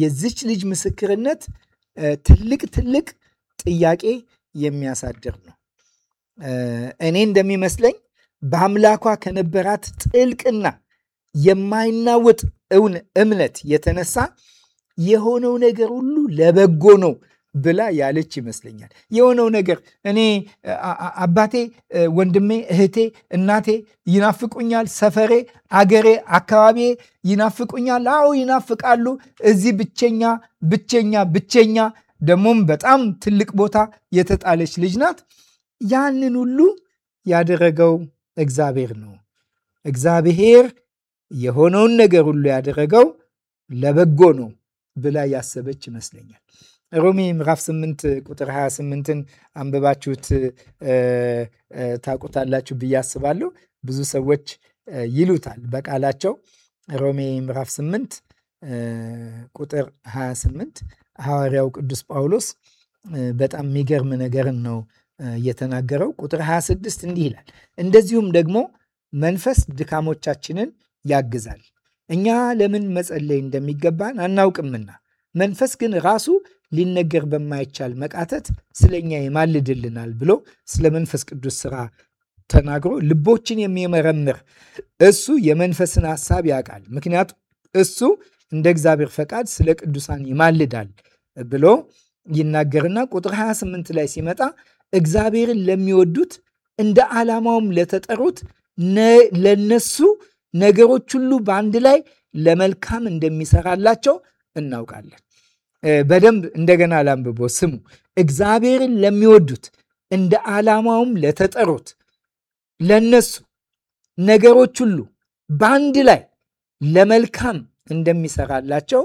የዚች ልጅ ምስክርነት ትልቅ ትልቅ ጥያቄ የሚያሳድር ነው። እኔ እንደሚመስለኝ በአምላኳ ከነበራት ጥልቅና የማይናወጥ እምነት የተነሳ የሆነው ነገር ሁሉ ለበጎ ነው ብላ ያለች ይመስለኛል። የሆነው ነገር እኔ አባቴ፣ ወንድሜ፣ እህቴ፣ እናቴ ይናፍቁኛል፣ ሰፈሬ፣ አገሬ፣ አካባቢዬ ይናፍቁኛል። አዎ ይናፍቃሉ። እዚህ ብቸኛ ብቸኛ ብቸኛ ደግሞም በጣም ትልቅ ቦታ የተጣለች ልጅ ናት። ያንን ሁሉ ያደረገው እግዚአብሔር ነው። እግዚአብሔር የሆነውን ነገር ሁሉ ያደረገው ለበጎ ነው ብላ ያሰበች ይመስለኛል። ሮሜ ምዕራፍ 8 ቁጥር 28ን አንብባችሁት ታውቁታላችሁ ብዬ አስባለሁ። ብዙ ሰዎች ይሉታል በቃላቸው። ሮሜ ምዕራፍ 8 ቁጥር 28 ሐዋርያው ቅዱስ ጳውሎስ በጣም የሚገርም ነገርን ነው የተናገረው። ቁጥር 26 እንዲህ ይላል፣ እንደዚሁም ደግሞ መንፈስ ድካሞቻችንን ያግዛል። እኛ ለምን መጸለይ እንደሚገባን አናውቅምና መንፈስ ግን ራሱ ሊነገር በማይቻል መቃተት ስለኛ ይማልድልናል ብሎ ስለ መንፈስ ቅዱስ ስራ ተናግሮ ልቦችን የሚመረምር እሱ የመንፈስን ሐሳብ ያውቃል፣ ምክንያቱም እሱ እንደ እግዚአብሔር ፈቃድ ስለ ቅዱሳን ይማልዳል ብሎ ይናገርና ቁጥር 28 ላይ ሲመጣ እግዚአብሔርን ለሚወዱት እንደ ዓላማውም ለተጠሩት ለነሱ ነገሮች ሁሉ በአንድ ላይ ለመልካም እንደሚሰራላቸው እናውቃለን። በደንብ እንደገና ላንብቦ ስሙ። እግዚአብሔርን ለሚወዱት እንደ ዓላማውም ለተጠሩት ለነሱ ነገሮች ሁሉ በአንድ ላይ ለመልካም እንደሚሰራላቸው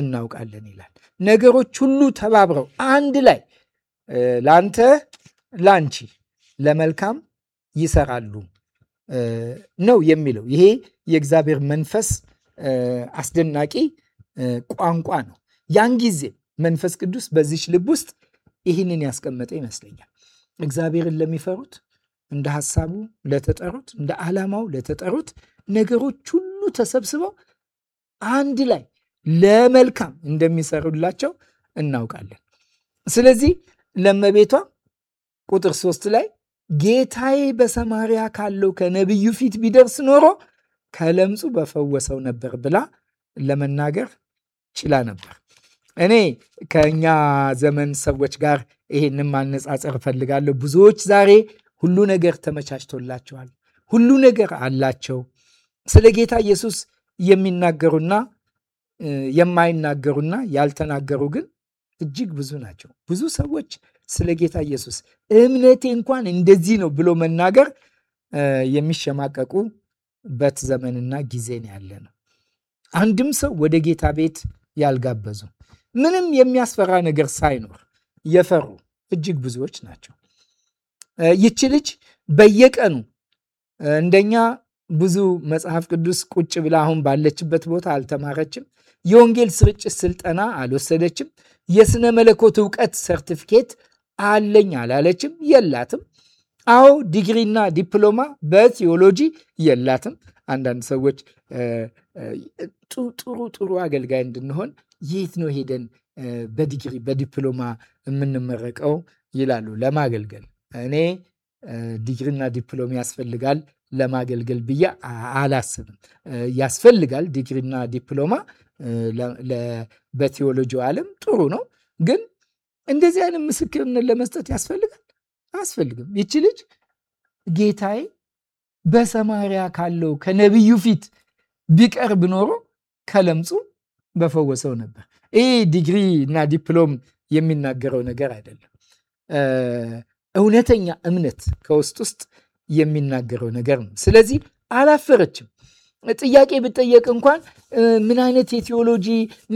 እናውቃለን ይላል። ነገሮች ሁሉ ተባብረው አንድ ላይ ለአንተ ላንቺ ለመልካም ይሰራሉ ነው የሚለው። ይሄ የእግዚአብሔር መንፈስ አስደናቂ ቋንቋ ነው። ያን ጊዜ መንፈስ ቅዱስ በዚች ልብ ውስጥ ይህንን ያስቀመጠ ይመስለኛል። እግዚአብሔርን ለሚፈሩት እንደ ሀሳቡ ለተጠሩት፣ እንደ ዓላማው ለተጠሩት ነገሮች ሁሉ ተሰብስበው አንድ ላይ ለመልካም እንደሚሰሩላቸው እናውቃለን። ስለዚህ ለመቤቷ ቁጥር ሶስት ላይ ጌታዬ በሰማሪያ ካለው ከነቢዩ ፊት ቢደርስ ኖሮ ከለምጹ በፈወሰው ነበር ብላ ለመናገር ችላ ነበር። እኔ ከእኛ ዘመን ሰዎች ጋር ይሄንን ማነጻጸር እፈልጋለሁ። ብዙዎች ዛሬ ሁሉ ነገር ተመቻችቶላቸዋል፣ ሁሉ ነገር አላቸው። ስለ ጌታ ኢየሱስ የሚናገሩና የማይናገሩና ያልተናገሩ ግን እጅግ ብዙ ናቸው። ብዙ ሰዎች ስለ ጌታ ኢየሱስ እምነቴ እንኳን እንደዚህ ነው ብሎ መናገር የሚሸማቀቁበት ዘመንና ጊዜ ነው ያለ ነው። አንድም ሰው ወደ ጌታ ቤት ያልጋበዙ ምንም የሚያስፈራ ነገር ሳይኖር የፈሩ እጅግ ብዙዎች ናቸው። ይቺ ልጅ በየቀኑ እንደኛ ብዙ መጽሐፍ ቅዱስ ቁጭ ብላ አሁን ባለችበት ቦታ አልተማረችም። የወንጌል ስርጭት ስልጠና አልወሰደችም። የስነ መለኮት እውቀት ሰርቲፊኬት አለኝ አላለችም፣ የላትም። አዎ ዲግሪና ዲፕሎማ በቲዮሎጂ የላትም። አንዳንድ ሰዎች ጥሩ ጥሩ አገልጋይ እንድንሆን የት ነው ሄደን በዲግሪ በዲፕሎማ የምንመረቀው ይላሉ። ለማገልገል እኔ ዲግሪና ዲፕሎማ ያስፈልጋል ለማገልገል ብዬ አላስብም። ያስፈልጋል ዲግሪና ዲፕሎማ በቴዎሎጂው ዓለም ጥሩ ነው ግን እንደዚህ አይነት ምስክርነት ለመስጠት ያስፈልጋል? አያስፈልግም። ይቺ ልጅ ጌታዬ በሰማሪያ ካለው ከነቢዩ ፊት ቢቀርብ ኖሮ ከለምጹ በፈወሰው ነበር። ይህ ዲግሪ እና ዲፕሎም የሚናገረው ነገር አይደለም። እውነተኛ እምነት ከውስጥ ውስጥ የሚናገረው ነገር ነው። ስለዚህ አላፈረችም። ጥያቄ ብጠየቅ እንኳን ምን አይነት የቴዎሎጂ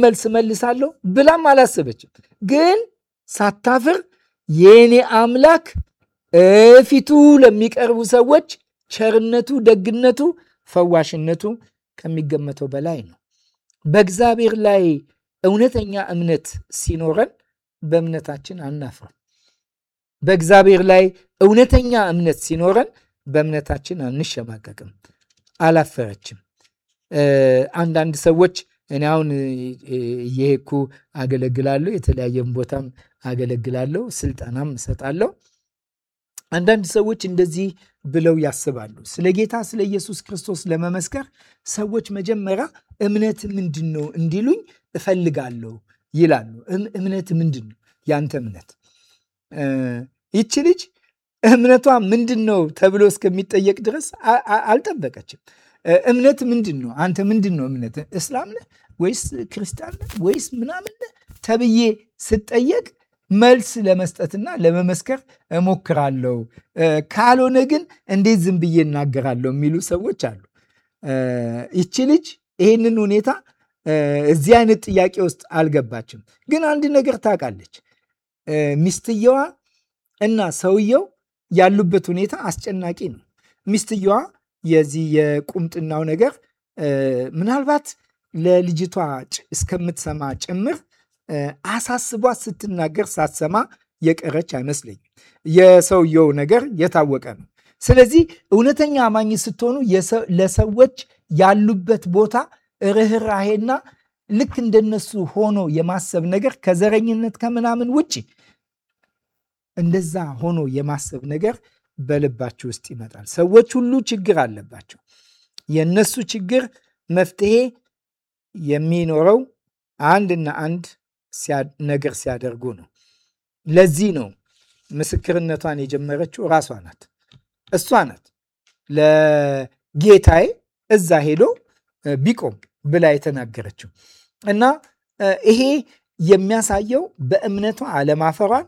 መልስ መልሳለሁ ብላም አላሰበችም ግን ሳታፍር የእኔ አምላክ ፊቱ ለሚቀርቡ ሰዎች ቸርነቱ፣ ደግነቱ፣ ፈዋሽነቱ ከሚገመተው በላይ ነው። በእግዚአብሔር ላይ እውነተኛ እምነት ሲኖረን በእምነታችን አናፍርም። በእግዚአብሔር ላይ እውነተኛ እምነት ሲኖረን በእምነታችን አንሸማቀቅም። አላፈረችም። አንዳንድ ሰዎች እኔ አሁን እየሄድኩ አገለግላለሁ። የተለያየም ቦታም አገለግላለሁ። ስልጠናም እሰጣለሁ። አንዳንድ ሰዎች እንደዚህ ብለው ያስባሉ። ስለ ጌታ ስለ ኢየሱስ ክርስቶስ ለመመስከር ሰዎች መጀመሪያ እምነት ምንድን ነው እንዲሉኝ እፈልጋለሁ ይላሉ። እምነት ምንድን ነው? ያንተ እምነት ይቺ ልጅ እምነቷ ምንድን ነው ተብሎ እስከሚጠየቅ ድረስ አልጠበቀችም። እምነት ምንድን ነው? አንተ ምንድን ነው እምነት? እስላም ነህ ወይስ ክርስቲያን ነህ ወይስ ምናምን ነህ ተብዬ ስጠየቅ መልስ ለመስጠትና ለመመስከር እሞክራለሁ። ካልሆነ ግን እንዴት ዝም ብዬ እናገራለሁ የሚሉ ሰዎች አሉ። ይቺ ልጅ ይህንን ሁኔታ እዚህ አይነት ጥያቄ ውስጥ አልገባችም። ግን አንድ ነገር ታውቃለች። ሚስትየዋ እና ሰውየው ያሉበት ሁኔታ አስጨናቂ ነው። ሚስትየዋ የዚህ የቁምጥናው ነገር ምናልባት ለልጅቷ እስከምትሰማ ጭምር አሳስቧት ስትናገር ሳትሰማ የቀረች አይመስለኝም። የሰውየው ነገር የታወቀ ነው። ስለዚህ እውነተኛ አማኝ ስትሆኑ ለሰዎች ያሉበት ቦታ ርኅራሄና ልክ እንደነሱ ሆኖ የማሰብ ነገር ከዘረኝነት ከምናምን ውጭ እንደዛ ሆኖ የማሰብ ነገር በልባችሁ ውስጥ ይመጣል። ሰዎች ሁሉ ችግር አለባቸው። የእነሱ ችግር መፍትሄ የሚኖረው አንድና አንድ ነገር ሲያደርጉ ነው። ለዚህ ነው ምስክርነቷን የጀመረችው ራሷ ናት፣ እሷ ናት። ለጌታዬ እዛ ሄዶ ቢቆም ብላ የተናገረችው እና ይሄ የሚያሳየው በእምነቷ አለማፈሯን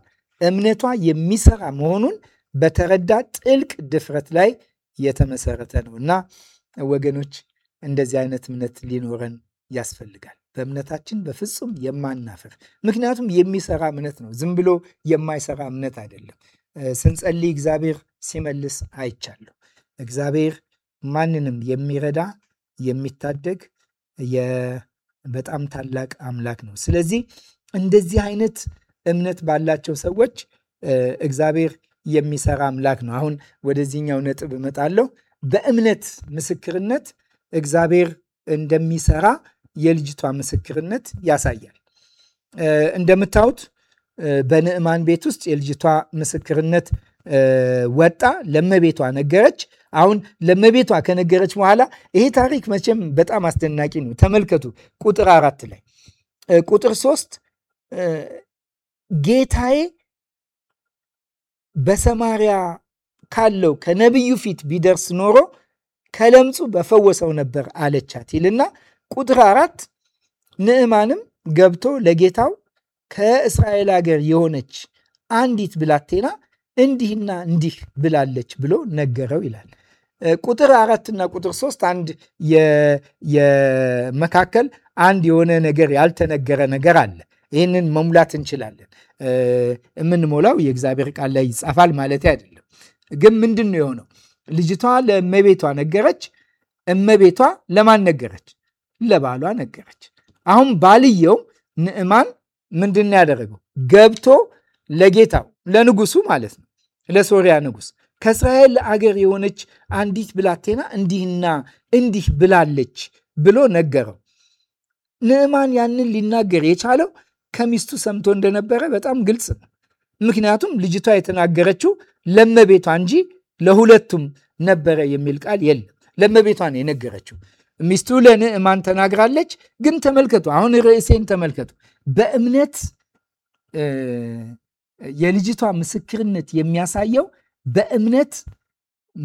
እምነቷ የሚሰራ መሆኑን በተረዳ ጥልቅ ድፍረት ላይ የተመሰረተ ነው እና ወገኖች እንደዚህ አይነት እምነት ሊኖረን ያስፈልጋል። በእምነታችን በፍጹም የማናፍር ምክንያቱም የሚሰራ እምነት ነው። ዝም ብሎ የማይሰራ እምነት አይደለም። ስንጸልይ እግዚአብሔር ሲመልስ አይቻለሁ። እግዚአብሔር ማንንም የሚረዳ የሚታደግ በጣም ታላቅ አምላክ ነው። ስለዚህ እንደዚህ አይነት እምነት ባላቸው ሰዎች እግዚአብሔር የሚሰራ አምላክ ነው። አሁን ወደዚህኛው ነጥብ እመጣለሁ። በእምነት ምስክርነት እግዚአብሔር እንደሚሰራ የልጅቷ ምስክርነት ያሳያል። እንደምታዩት በንዕማን ቤት ውስጥ የልጅቷ ምስክርነት ወጣ፣ ለመቤቷ ነገረች። አሁን ለመቤቷ ከነገረች በኋላ ይሄ ታሪክ መቼም በጣም አስደናቂ ነው። ተመልከቱ ቁጥር አራት ላይ ቁጥር ሶስት ጌታዬ በሰማሪያ ካለው ከነቢዩ ፊት ቢደርስ ኖሮ ከለምጹ በፈወሰው ነበር አለቻት ይልና ቁጥር አራት ንዕማንም ገብቶ ለጌታው ከእስራኤል ሀገር የሆነች አንዲት ብላቴና እንዲህና እንዲህ ብላለች ብሎ ነገረው ይላል። ቁጥር አራትና ቁጥር ሶስት አንድ የመካከል አንድ የሆነ ነገር ያልተነገረ ነገር አለ። ይህንን መሙላት እንችላለን። የምንሞላው የእግዚአብሔር ቃል ላይ ይጻፋል ማለት አይደለም። ግን ምንድን ነው የሆነው? ልጅቷ ለእመቤቷ ነገረች። እመቤቷ ለማን ነገረች? ለባሏ ነገረች። አሁን ባልየው ንዕማን ምንድን ያደረገው? ገብቶ ለጌታው ለንጉሱ ማለት ነው ለሶሪያ ንጉስ ከእስራኤል አገር የሆነች አንዲት ብላቴና እንዲህና እንዲህ ብላለች ብሎ ነገረው። ንዕማን ያንን ሊናገር የቻለው ከሚስቱ ሰምቶ እንደነበረ በጣም ግልጽ ነው። ምክንያቱም ልጅቷ የተናገረችው ለመቤቷ እንጂ ለሁለቱም ነበረ የሚል ቃል የለም። ለመቤቷ ነው የነገረችው። ሚስቱ ለንዕማን ተናግራለች። ግን ተመልከቱ፣ አሁን ርዕሴን ተመልከቱ። በእምነት የልጅቷ ምስክርነት የሚያሳየው በእምነት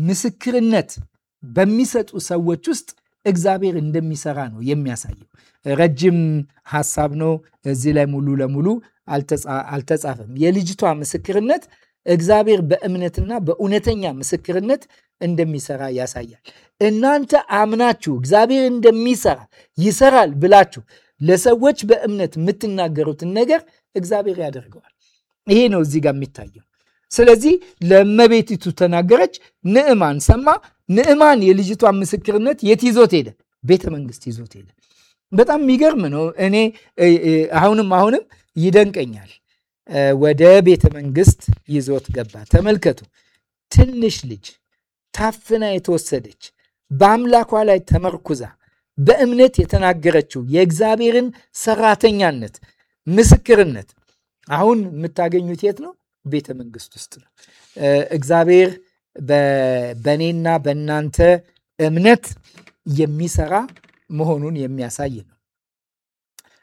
ምስክርነት በሚሰጡ ሰዎች ውስጥ እግዚአብሔር እንደሚሰራ ነው የሚያሳየው። ረጅም ሀሳብ ነው። እዚህ ላይ ሙሉ ለሙሉ አልተጻፈም። የልጅቷ ምስክርነት እግዚአብሔር በእምነትና በእውነተኛ ምስክርነት እንደሚሰራ ያሳያል። እናንተ አምናችሁ እግዚአብሔር እንደሚሰራ ይሰራል ብላችሁ ለሰዎች በእምነት የምትናገሩትን ነገር እግዚአብሔር ያደርገዋል። ይሄ ነው እዚህ ጋር የሚታየው። ስለዚህ ለመቤቲቱ ተናገረች፣ ንዕማን ሰማ። ንዕማን የልጅቷን ምስክርነት የት ይዞት ሄደ? ቤተ መንግስት ይዞት ሄደ። በጣም የሚገርም ነው። እኔ አሁንም አሁንም ይደንቀኛል። ወደ ቤተ መንግስት ይዞት ገባ። ተመልከቱ፣ ትንሽ ልጅ ታፍና የተወሰደች በአምላኳ ላይ ተመርኩዛ በእምነት የተናገረችው የእግዚአብሔርን ሰራተኛነት ምስክርነት አሁን የምታገኙት የት ነው? ቤተ መንግስት ውስጥ ነው። እግዚአብሔር በእኔና በእናንተ እምነት የሚሰራ መሆኑን የሚያሳይ ነው።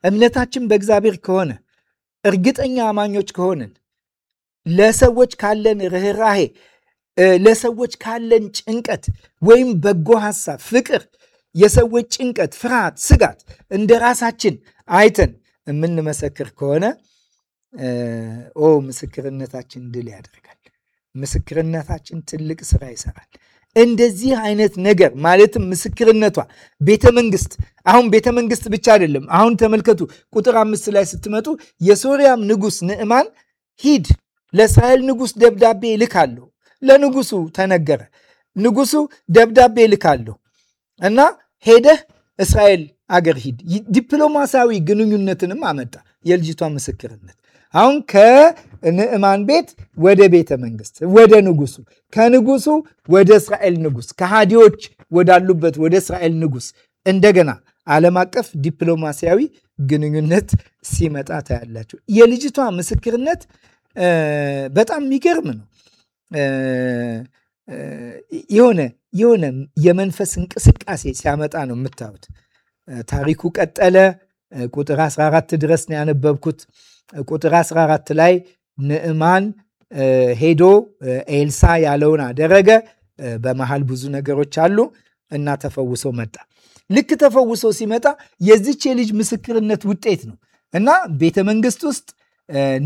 እምነታችን በእግዚአብሔር ከሆነ እርግጠኛ አማኞች ከሆንን ለሰዎች ካለን ርኅራሄ፣ ለሰዎች ካለን ጭንቀት ወይም በጎ ሐሳብ፣ ፍቅር የሰዎች ጭንቀት፣ ፍርሃት፣ ስጋት እንደ ራሳችን አይተን የምንመሰክር ከሆነ ኦ ምስክርነታችን ድል ያደርጋል። ምስክርነታችን ትልቅ ስራ ይሰራል። እንደዚህ አይነት ነገር ማለትም ምስክርነቷ ቤተ መንግስት አሁን ቤተ መንግስት ብቻ አይደለም። አሁን ተመልከቱ ቁጥር አምስት ላይ ስትመጡ የሶርያም ንጉስ ንዕማን ሂድ ለእስራኤል ንጉስ ደብዳቤ ልካለሁ ለንጉሱ ተነገረ። ንጉሱ ደብዳቤ እልካለሁ እና ሄደህ እስራኤል አገር ሂድ። ዲፕሎማሲያዊ ግንኙነትንም አመጣ የልጅቷ ምስክርነት አሁን ምዕማን ቤት ወደ ቤተ መንግስት፣ ወደ ንጉሱ፣ ከንጉሱ ወደ እስራኤል ንጉስ፣ ከሃዲዎች ወዳሉበት ወደ እስራኤል ንጉስ እንደገና ዓለም አቀፍ ዲፕሎማሲያዊ ግንኙነት ሲመጣ ታያላቸው። የልጅቷ ምስክርነት በጣም የሚገርም ነው። የሆነ የሆነ የመንፈስ እንቅስቃሴ ሲያመጣ ነው የምታዩት። ታሪኩ ቀጠለ። ቁጥር 14 ድረስ ነው ያነበብኩት። ቁጥር 14 ላይ ንዕማን ሄዶ ኤልሳ ያለውን አደረገ። በመሃል ብዙ ነገሮች አሉ እና ተፈውሶ መጣ። ልክ ተፈውሶ ሲመጣ የዚች የልጅ ምስክርነት ውጤት ነው እና ቤተ መንግስት ውስጥ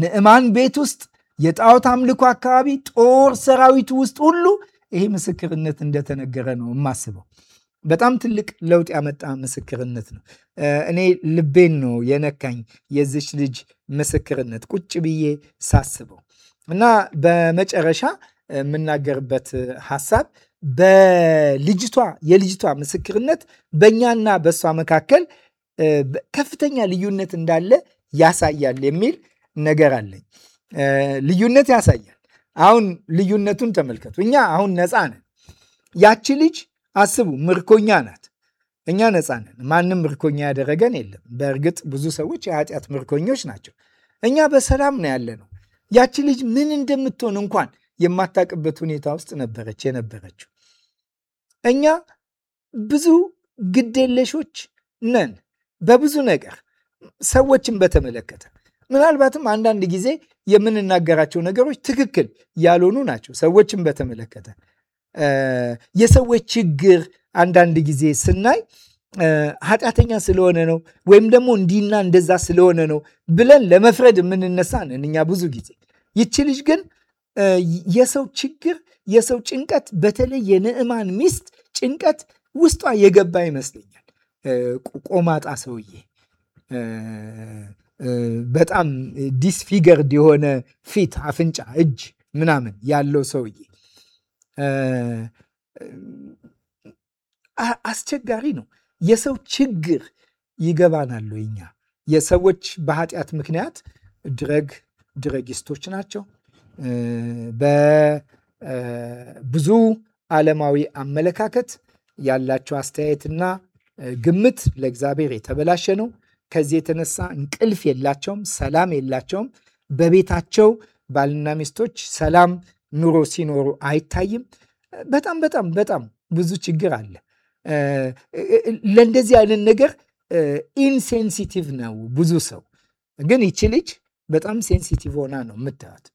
ንዕማን ቤት ውስጥ የጣዖት አምልኮ አካባቢ፣ ጦር ሰራዊቱ ውስጥ ሁሉ ይሄ ምስክርነት እንደተነገረ ነው የማስበው። በጣም ትልቅ ለውጥ ያመጣ ምስክርነት ነው። እኔ ልቤን ነው የነካኝ የዚች ልጅ ምስክርነት ቁጭ ብዬ ሳስበው እና በመጨረሻ የምናገርበት ሀሳብ በልጅቷ የልጅቷ ምስክርነት በእኛና በእሷ መካከል ከፍተኛ ልዩነት እንዳለ ያሳያል የሚል ነገር አለኝ። ልዩነት ያሳያል። አሁን ልዩነቱን ተመልከቱ። እኛ አሁን ነፃ ነን። ያቺ ልጅ አስቡ፣ ምርኮኛ ናት። እኛ ነፃ ነን። ማንም ምርኮኛ ያደረገን የለም። በእርግጥ ብዙ ሰዎች የኃጢአት ምርኮኞች ናቸው። እኛ በሰላም ነው ያለ ነው። ያቺ ልጅ ምን እንደምትሆን እንኳን የማታቅበት ሁኔታ ውስጥ ነበረች የነበረችው። እኛ ብዙ ግዴለሾች ነን በብዙ ነገር ሰዎችን በተመለከተ ምናልባትም አንዳንድ ጊዜ የምንናገራቸው ነገሮች ትክክል ያልሆኑ ናቸው። ሰዎችን በተመለከተ የሰዎች ችግር አንዳንድ ጊዜ ስናይ ኃጢአተኛ ስለሆነ ነው ወይም ደግሞ እንዲና እንደዛ ስለሆነ ነው ብለን ለመፍረድ የምንነሳ ነን እኛ ብዙ ጊዜ። ይቺ ልጅ ግን የሰው ችግር፣ የሰው ጭንቀት፣ በተለይ የንዕማን ሚስት ጭንቀት ውስጧ የገባ ይመስለኛል። ቆማጣ ሰውዬ በጣም ዲስፊገርድ የሆነ ፊት፣ አፍንጫ፣ እጅ ምናምን ያለው ሰውዬ አስቸጋሪ ነው። የሰው ችግር ይገባናሉ። እኛ የሰዎች በኃጢአት ምክንያት ድረግ ድረጊስቶች ናቸው። በብዙ ዓለማዊ አመለካከት ያላቸው አስተያየትና ግምት ለእግዚአብሔር የተበላሸ ነው። ከዚህ የተነሳ እንቅልፍ የላቸውም፣ ሰላም የላቸውም። በቤታቸው ባልና ሚስቶች ሰላም ኑሮ ሲኖሩ አይታይም። በጣም በጣም በጣም ብዙ ችግር አለ። ለእንደዚህ አይነት ነገር ኢንሴንሲቲቭ ነው ብዙ ሰው። ግን ይቺ ልጅ በጣም ሴንሲቲቭ ሆና ነው የምታያት።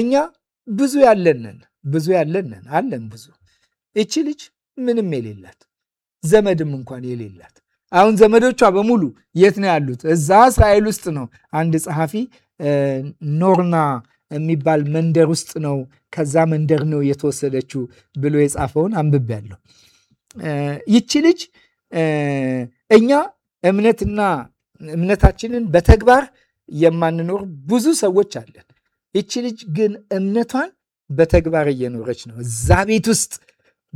እኛ ብዙ ያለንን ብዙ ያለንን አለን ብዙ። ይቺ ልጅ ምንም የሌላት ዘመድም እንኳን የሌላት አሁን ዘመዶቿ በሙሉ የት ነው ያሉት? እዛ እስራኤል ውስጥ ነው። አንድ ጸሐፊ ኖርና የሚባል መንደር ውስጥ ነው፣ ከዛ መንደር ነው የተወሰደችው ብሎ የጻፈውን አንብቤያለሁ። ይቺ ልጅ እኛ እምነትና እምነታችንን በተግባር የማንኖር ብዙ ሰዎች አለን። ይቺ ልጅ ግን እምነቷን በተግባር እየኖረች ነው። እዛ ቤት ውስጥ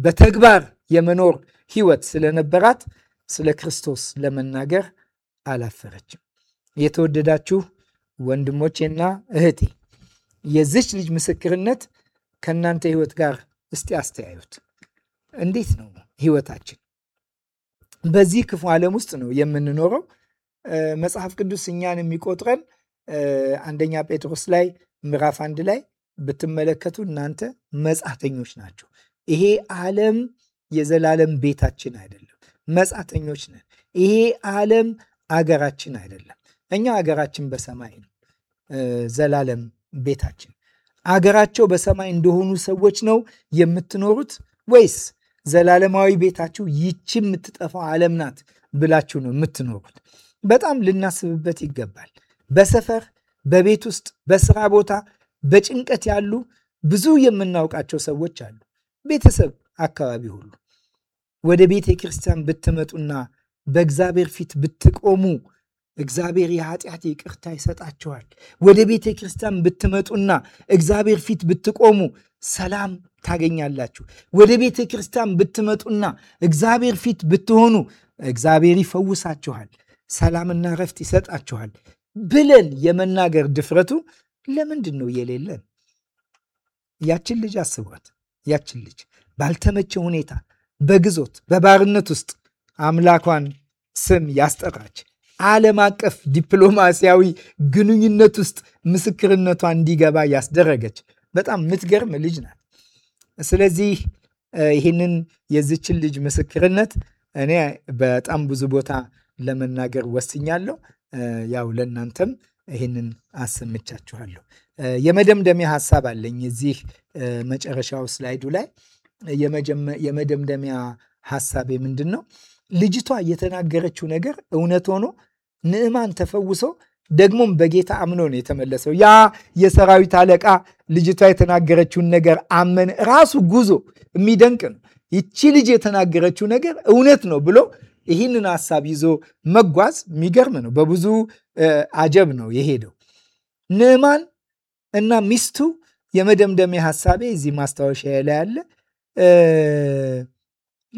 በተግባር የመኖር ህይወት ስለነበራት ስለ ክርስቶስ ለመናገር አላፈረችም። የተወደዳችሁ ወንድሞቼና እህቴ የዚች ልጅ ምስክርነት ከእናንተ ህይወት ጋር እስቲ አስተያዩት። እንዴት ነው ህይወታችን? በዚህ ክፉ ዓለም ውስጥ ነው የምንኖረው። መጽሐፍ ቅዱስ እኛን የሚቆጥረን አንደኛ ጴጥሮስ ላይ ምዕራፍ አንድ ላይ ብትመለከቱ እናንተ መጻተኞች ናቸው። ይሄ ዓለም የዘላለም ቤታችን አይደለም፣ መጻተኞች ነን። ይሄ ዓለም አገራችን አይደለም። እኛ አገራችን በሰማይ ነው፣ ዘላለም ቤታችን አገራቸው በሰማይ እንደሆኑ ሰዎች ነው የምትኖሩት ወይስ ዘላለማዊ ቤታችሁ ይቺ የምትጠፋው ዓለም ናት ብላችሁ ነው የምትኖሩት? በጣም ልናስብበት ይገባል። በሰፈር፣ በቤት ውስጥ፣ በስራ ቦታ በጭንቀት ያሉ ብዙ የምናውቃቸው ሰዎች አሉ። ቤተሰብ አካባቢ ሁሉ ወደ ቤተ ክርስቲያን ብትመጡና በእግዚአብሔር ፊት ብትቆሙ እግዚአብሔር የኃጢአት ይቅርታ ይሰጣችኋል። ወደ ቤተ ክርስቲያን ብትመጡና እግዚአብሔር ፊት ብትቆሙ ሰላም ታገኛላችሁ። ወደ ቤተ ክርስቲያን ብትመጡና እግዚአብሔር ፊት ብትሆኑ እግዚአብሔር ይፈውሳችኋል፣ ሰላምና ረፍት ይሰጣችኋል ብለን የመናገር ድፍረቱ ለምንድን ነው የሌለን? ያችን ልጅ አስቧት። ያችን ልጅ ባልተመቸ ሁኔታ፣ በግዞት በባርነት ውስጥ አምላኳን ስም ያስጠራች ዓለም አቀፍ ዲፕሎማሲያዊ ግንኙነት ውስጥ ምስክርነቷ እንዲገባ ያስደረገች በጣም የምትገርም ልጅ ናት። ስለዚህ ይህንን የዚችን ልጅ ምስክርነት እኔ በጣም ብዙ ቦታ ለመናገር ወስኛለሁ። ያው ለእናንተም ይህንን አሰምቻችኋለሁ። የመደምደሚያ ሀሳብ አለኝ እዚህ መጨረሻው ስላይዱ ላይ የመደምደሚያ ሀሳቤ ምንድን ነው? ልጅቷ የተናገረችው ነገር እውነት ሆኖ ንዕማን ተፈውሶ ደግሞም በጌታ አምኖ ነው የተመለሰው። ያ የሰራዊት አለቃ ልጅቷ የተናገረችውን ነገር አመነ። ራሱ ጉዞ የሚደንቅ ነው። ይቺ ልጅ የተናገረችው ነገር እውነት ነው ብሎ ይህንን ሀሳብ ይዞ መጓዝ የሚገርም ነው። በብዙ አጀብ ነው የሄደው ንዕማን እና ሚስቱ። የመደምደሚያ ሀሳቤ እዚህ ማስታወሻ ላይ ያለ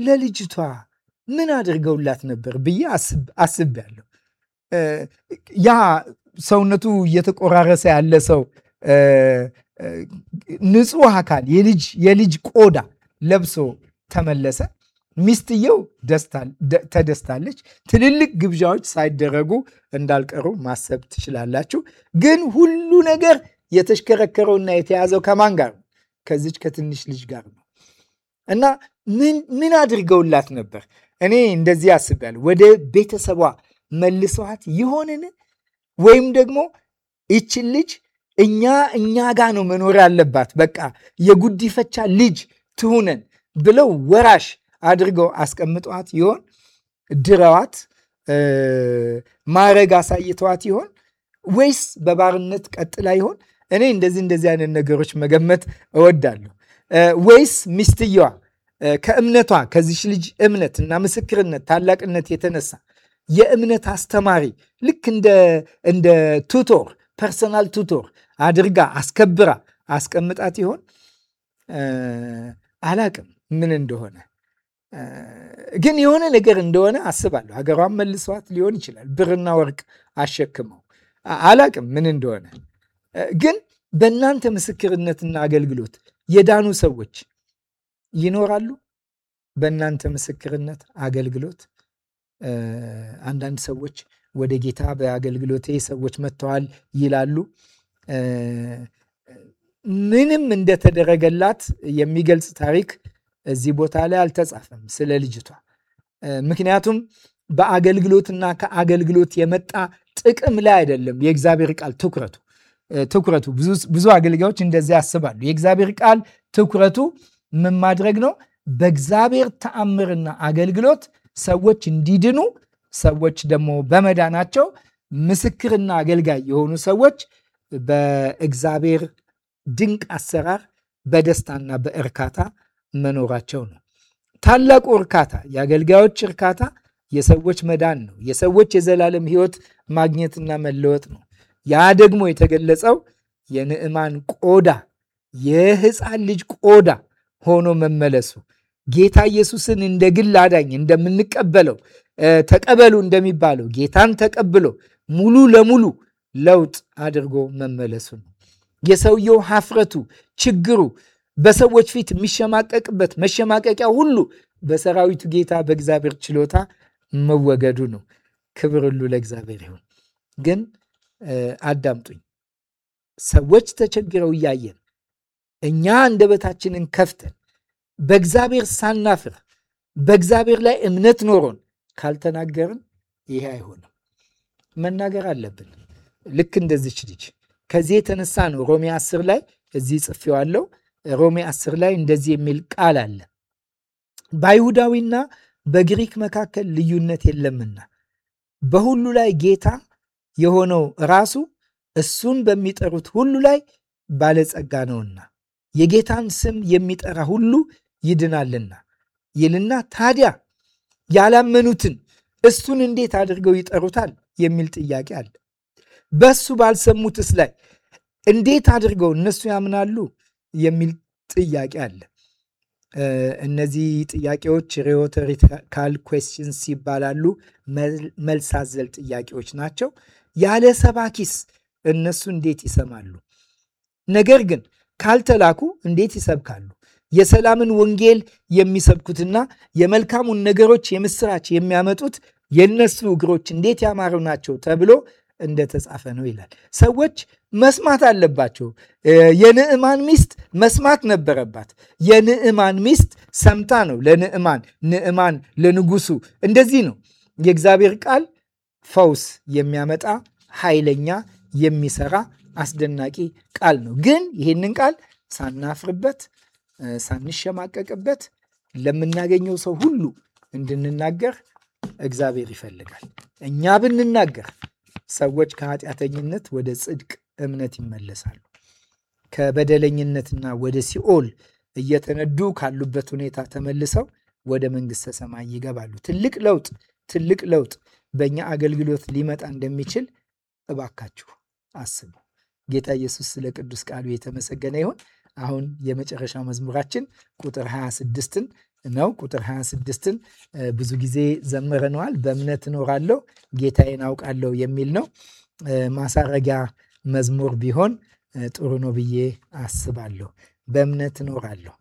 ለልጅቷ ምን አድርገውላት ነበር ብዬ ያለው ያ ሰውነቱ እየተቆራረሰ ያለ ሰው ንጹህ አካል የልጅ ቆዳ ለብሶ ተመለሰ። ሚስትየው ተደስታለች። ትልልቅ ግብዣዎች ሳይደረጉ እንዳልቀሩ ማሰብ ትችላላችሁ። ግን ሁሉ ነገር የተሽከረከረውና የተያዘው ከማን ጋር ነው? ከዚች ከትንሽ ልጅ ጋር ነው። እና ምን አድርገውላት ነበር? እኔ እንደዚህ አስቤያለሁ። ወደ ቤተሰቧ መልሰዋት ይሆንን? ወይም ደግሞ ይችን ልጅ እኛ እኛ ጋ ነው መኖር ያለባት፣ በቃ የጉዲፈቻ ልጅ ትሁነን ብለው ወራሽ አድርገው አስቀምጠዋት ይሆን? ድረዋት ማረግ አሳይተዋት ይሆን? ወይስ በባርነት ቀጥላ ይሆን? እኔ እንደዚህ እንደዚህ አይነት ነገሮች መገመት እወዳለሁ። ወይስ ሚስትየዋ ከእምነቷ ከዚች ልጅ እምነት እና ምስክርነት ታላቅነት የተነሳ የእምነት አስተማሪ ልክ እንደ ቱቶር ፐርሰናል ቱቶር አድርጋ አስከብራ አስቀምጣት ይሆን አላቅም ምን እንደሆነ ግን የሆነ ነገር እንደሆነ አስባለሁ። ሀገሯን መልሰዋት ሊሆን ይችላል። ብርና ወርቅ አሸክመው አላቅም ምን እንደሆነ ግን በእናንተ ምስክርነትና አገልግሎት የዳኑ ሰዎች ይኖራሉ። በእናንተ ምስክርነት አገልግሎት አንዳንድ ሰዎች ወደ ጌታ በአገልግሎቴ ሰዎች መጥተዋል ይላሉ። ምንም እንደተደረገላት የሚገልጽ ታሪክ እዚህ ቦታ ላይ አልተጻፈም ስለ ልጅቷ። ምክንያቱም በአገልግሎትና ከአገልግሎት የመጣ ጥቅም ላይ አይደለም የእግዚአብሔር ቃል ትኩረቱ ትኩረቱ ብዙ አገልጋዮች እንደዚያ ያስባሉ። የእግዚአብሔር ቃል ትኩረቱ ምን ማድረግ ነው? በእግዚአብሔር ተአምርና አገልግሎት ሰዎች እንዲድኑ ሰዎች ደግሞ በመዳናቸው ምስክርና አገልጋይ የሆኑ ሰዎች በእግዚአብሔር ድንቅ አሰራር በደስታና በእርካታ መኖራቸው ነው። ታላቁ እርካታ፣ የአገልጋዮች እርካታ የሰዎች መዳን ነው። የሰዎች የዘላለም ሕይወት ማግኘትና መለወጥ ነው። ያ ደግሞ የተገለጸው የንዕማን ቆዳ የሕፃን ልጅ ቆዳ ሆኖ መመለሱ ጌታ ኢየሱስን እንደ ግል አዳኝ እንደምንቀበለው ተቀበሉ እንደሚባለው ጌታን ተቀብሎ ሙሉ ለሙሉ ለውጥ አድርጎ መመለሱ ነው። የሰውየው ሀፍረቱ፣ ችግሩ፣ በሰዎች ፊት የሚሸማቀቅበት መሸማቀቂያ ሁሉ በሰራዊቱ ጌታ በእግዚአብሔር ችሎታ መወገዱ ነው። ክብር ሁሉ ለእግዚአብሔር ይሁን። ግን አዳምጡኝ፣ ሰዎች ተቸግረው እያየን እኛ አንደበታችንን ከፍተን በእግዚአብሔር ሳናፍር በእግዚአብሔር ላይ እምነት ኖሮን ካልተናገርን ይሄ አይሆንም። መናገር አለብን። ልክ እንደዚች ልጅ ከዚህ የተነሳ ነው ሮሜ አስር ላይ እዚህ ጽፌዋለሁ። ሮሜ አስር ላይ እንደዚህ የሚል ቃል አለ በአይሁዳዊና በግሪክ መካከል ልዩነት የለምና በሁሉ ላይ ጌታ የሆነው ራሱ እሱን በሚጠሩት ሁሉ ላይ ባለጸጋ ነውና የጌታን ስም የሚጠራ ሁሉ ይድናልና ይልና ታዲያ ያላመኑትን እሱን እንዴት አድርገው ይጠሩታል የሚል ጥያቄ አለ። በሱ ባልሰሙትስ ላይ እንዴት አድርገው እነሱ ያምናሉ የሚል ጥያቄ አለ። እነዚህ ጥያቄዎች ሪቶሪካል ኩዌስችንስ ይባላሉ። መልስ አዘል ጥያቄዎች ናቸው። ያለ ሰባኪስ እነሱ እንዴት ይሰማሉ? ነገር ግን ካልተላኩ እንዴት ይሰብካሉ? የሰላምን ወንጌል የሚሰብኩትና የመልካሙን ነገሮች የምስራች የሚያመጡት የነሱ እግሮች እንዴት ያማሩ ናቸው ተብሎ እንደተጻፈ ነው ይላል። ሰዎች መስማት አለባቸው። የንዕማን ሚስት መስማት ነበረባት። የንዕማን ሚስት ሰምታ ነው ለንዕማን ንዕማን ለንጉሱ እንደዚህ ነው የእግዚአብሔር ቃል ፈውስ የሚያመጣ ኃይለኛ የሚሰራ አስደናቂ ቃል ነው። ግን ይህንን ቃል ሳናፍርበት ሳንሸማቀቅበት ለምናገኘው ሰው ሁሉ እንድንናገር እግዚአብሔር ይፈልጋል። እኛ ብንናገር ሰዎች ከኃጢአተኝነት ወደ ጽድቅ እምነት ይመለሳሉ። ከበደለኝነትና ወደ ሲኦል እየተነዱ ካሉበት ሁኔታ ተመልሰው ወደ መንግሥተ ሰማይ ይገባሉ። ትልቅ ለውጥ ትልቅ ለውጥ በእኛ አገልግሎት ሊመጣ እንደሚችል እባካችሁ አስቡ። ጌታ ኢየሱስ ስለ ቅዱስ ቃሉ የተመሰገነ ይሁን። አሁን የመጨረሻው መዝሙራችን ቁጥር 26ን ነው። ቁጥር 26ን ብዙ ጊዜ ዘምረነዋል። በእምነት እኖራለሁ ጌታዬን አውቃለሁ የሚል ነው። ማሳረጊያ መዝሙር ቢሆን ጥሩ ነው ብዬ አስባለሁ። በእምነት እኖራለሁ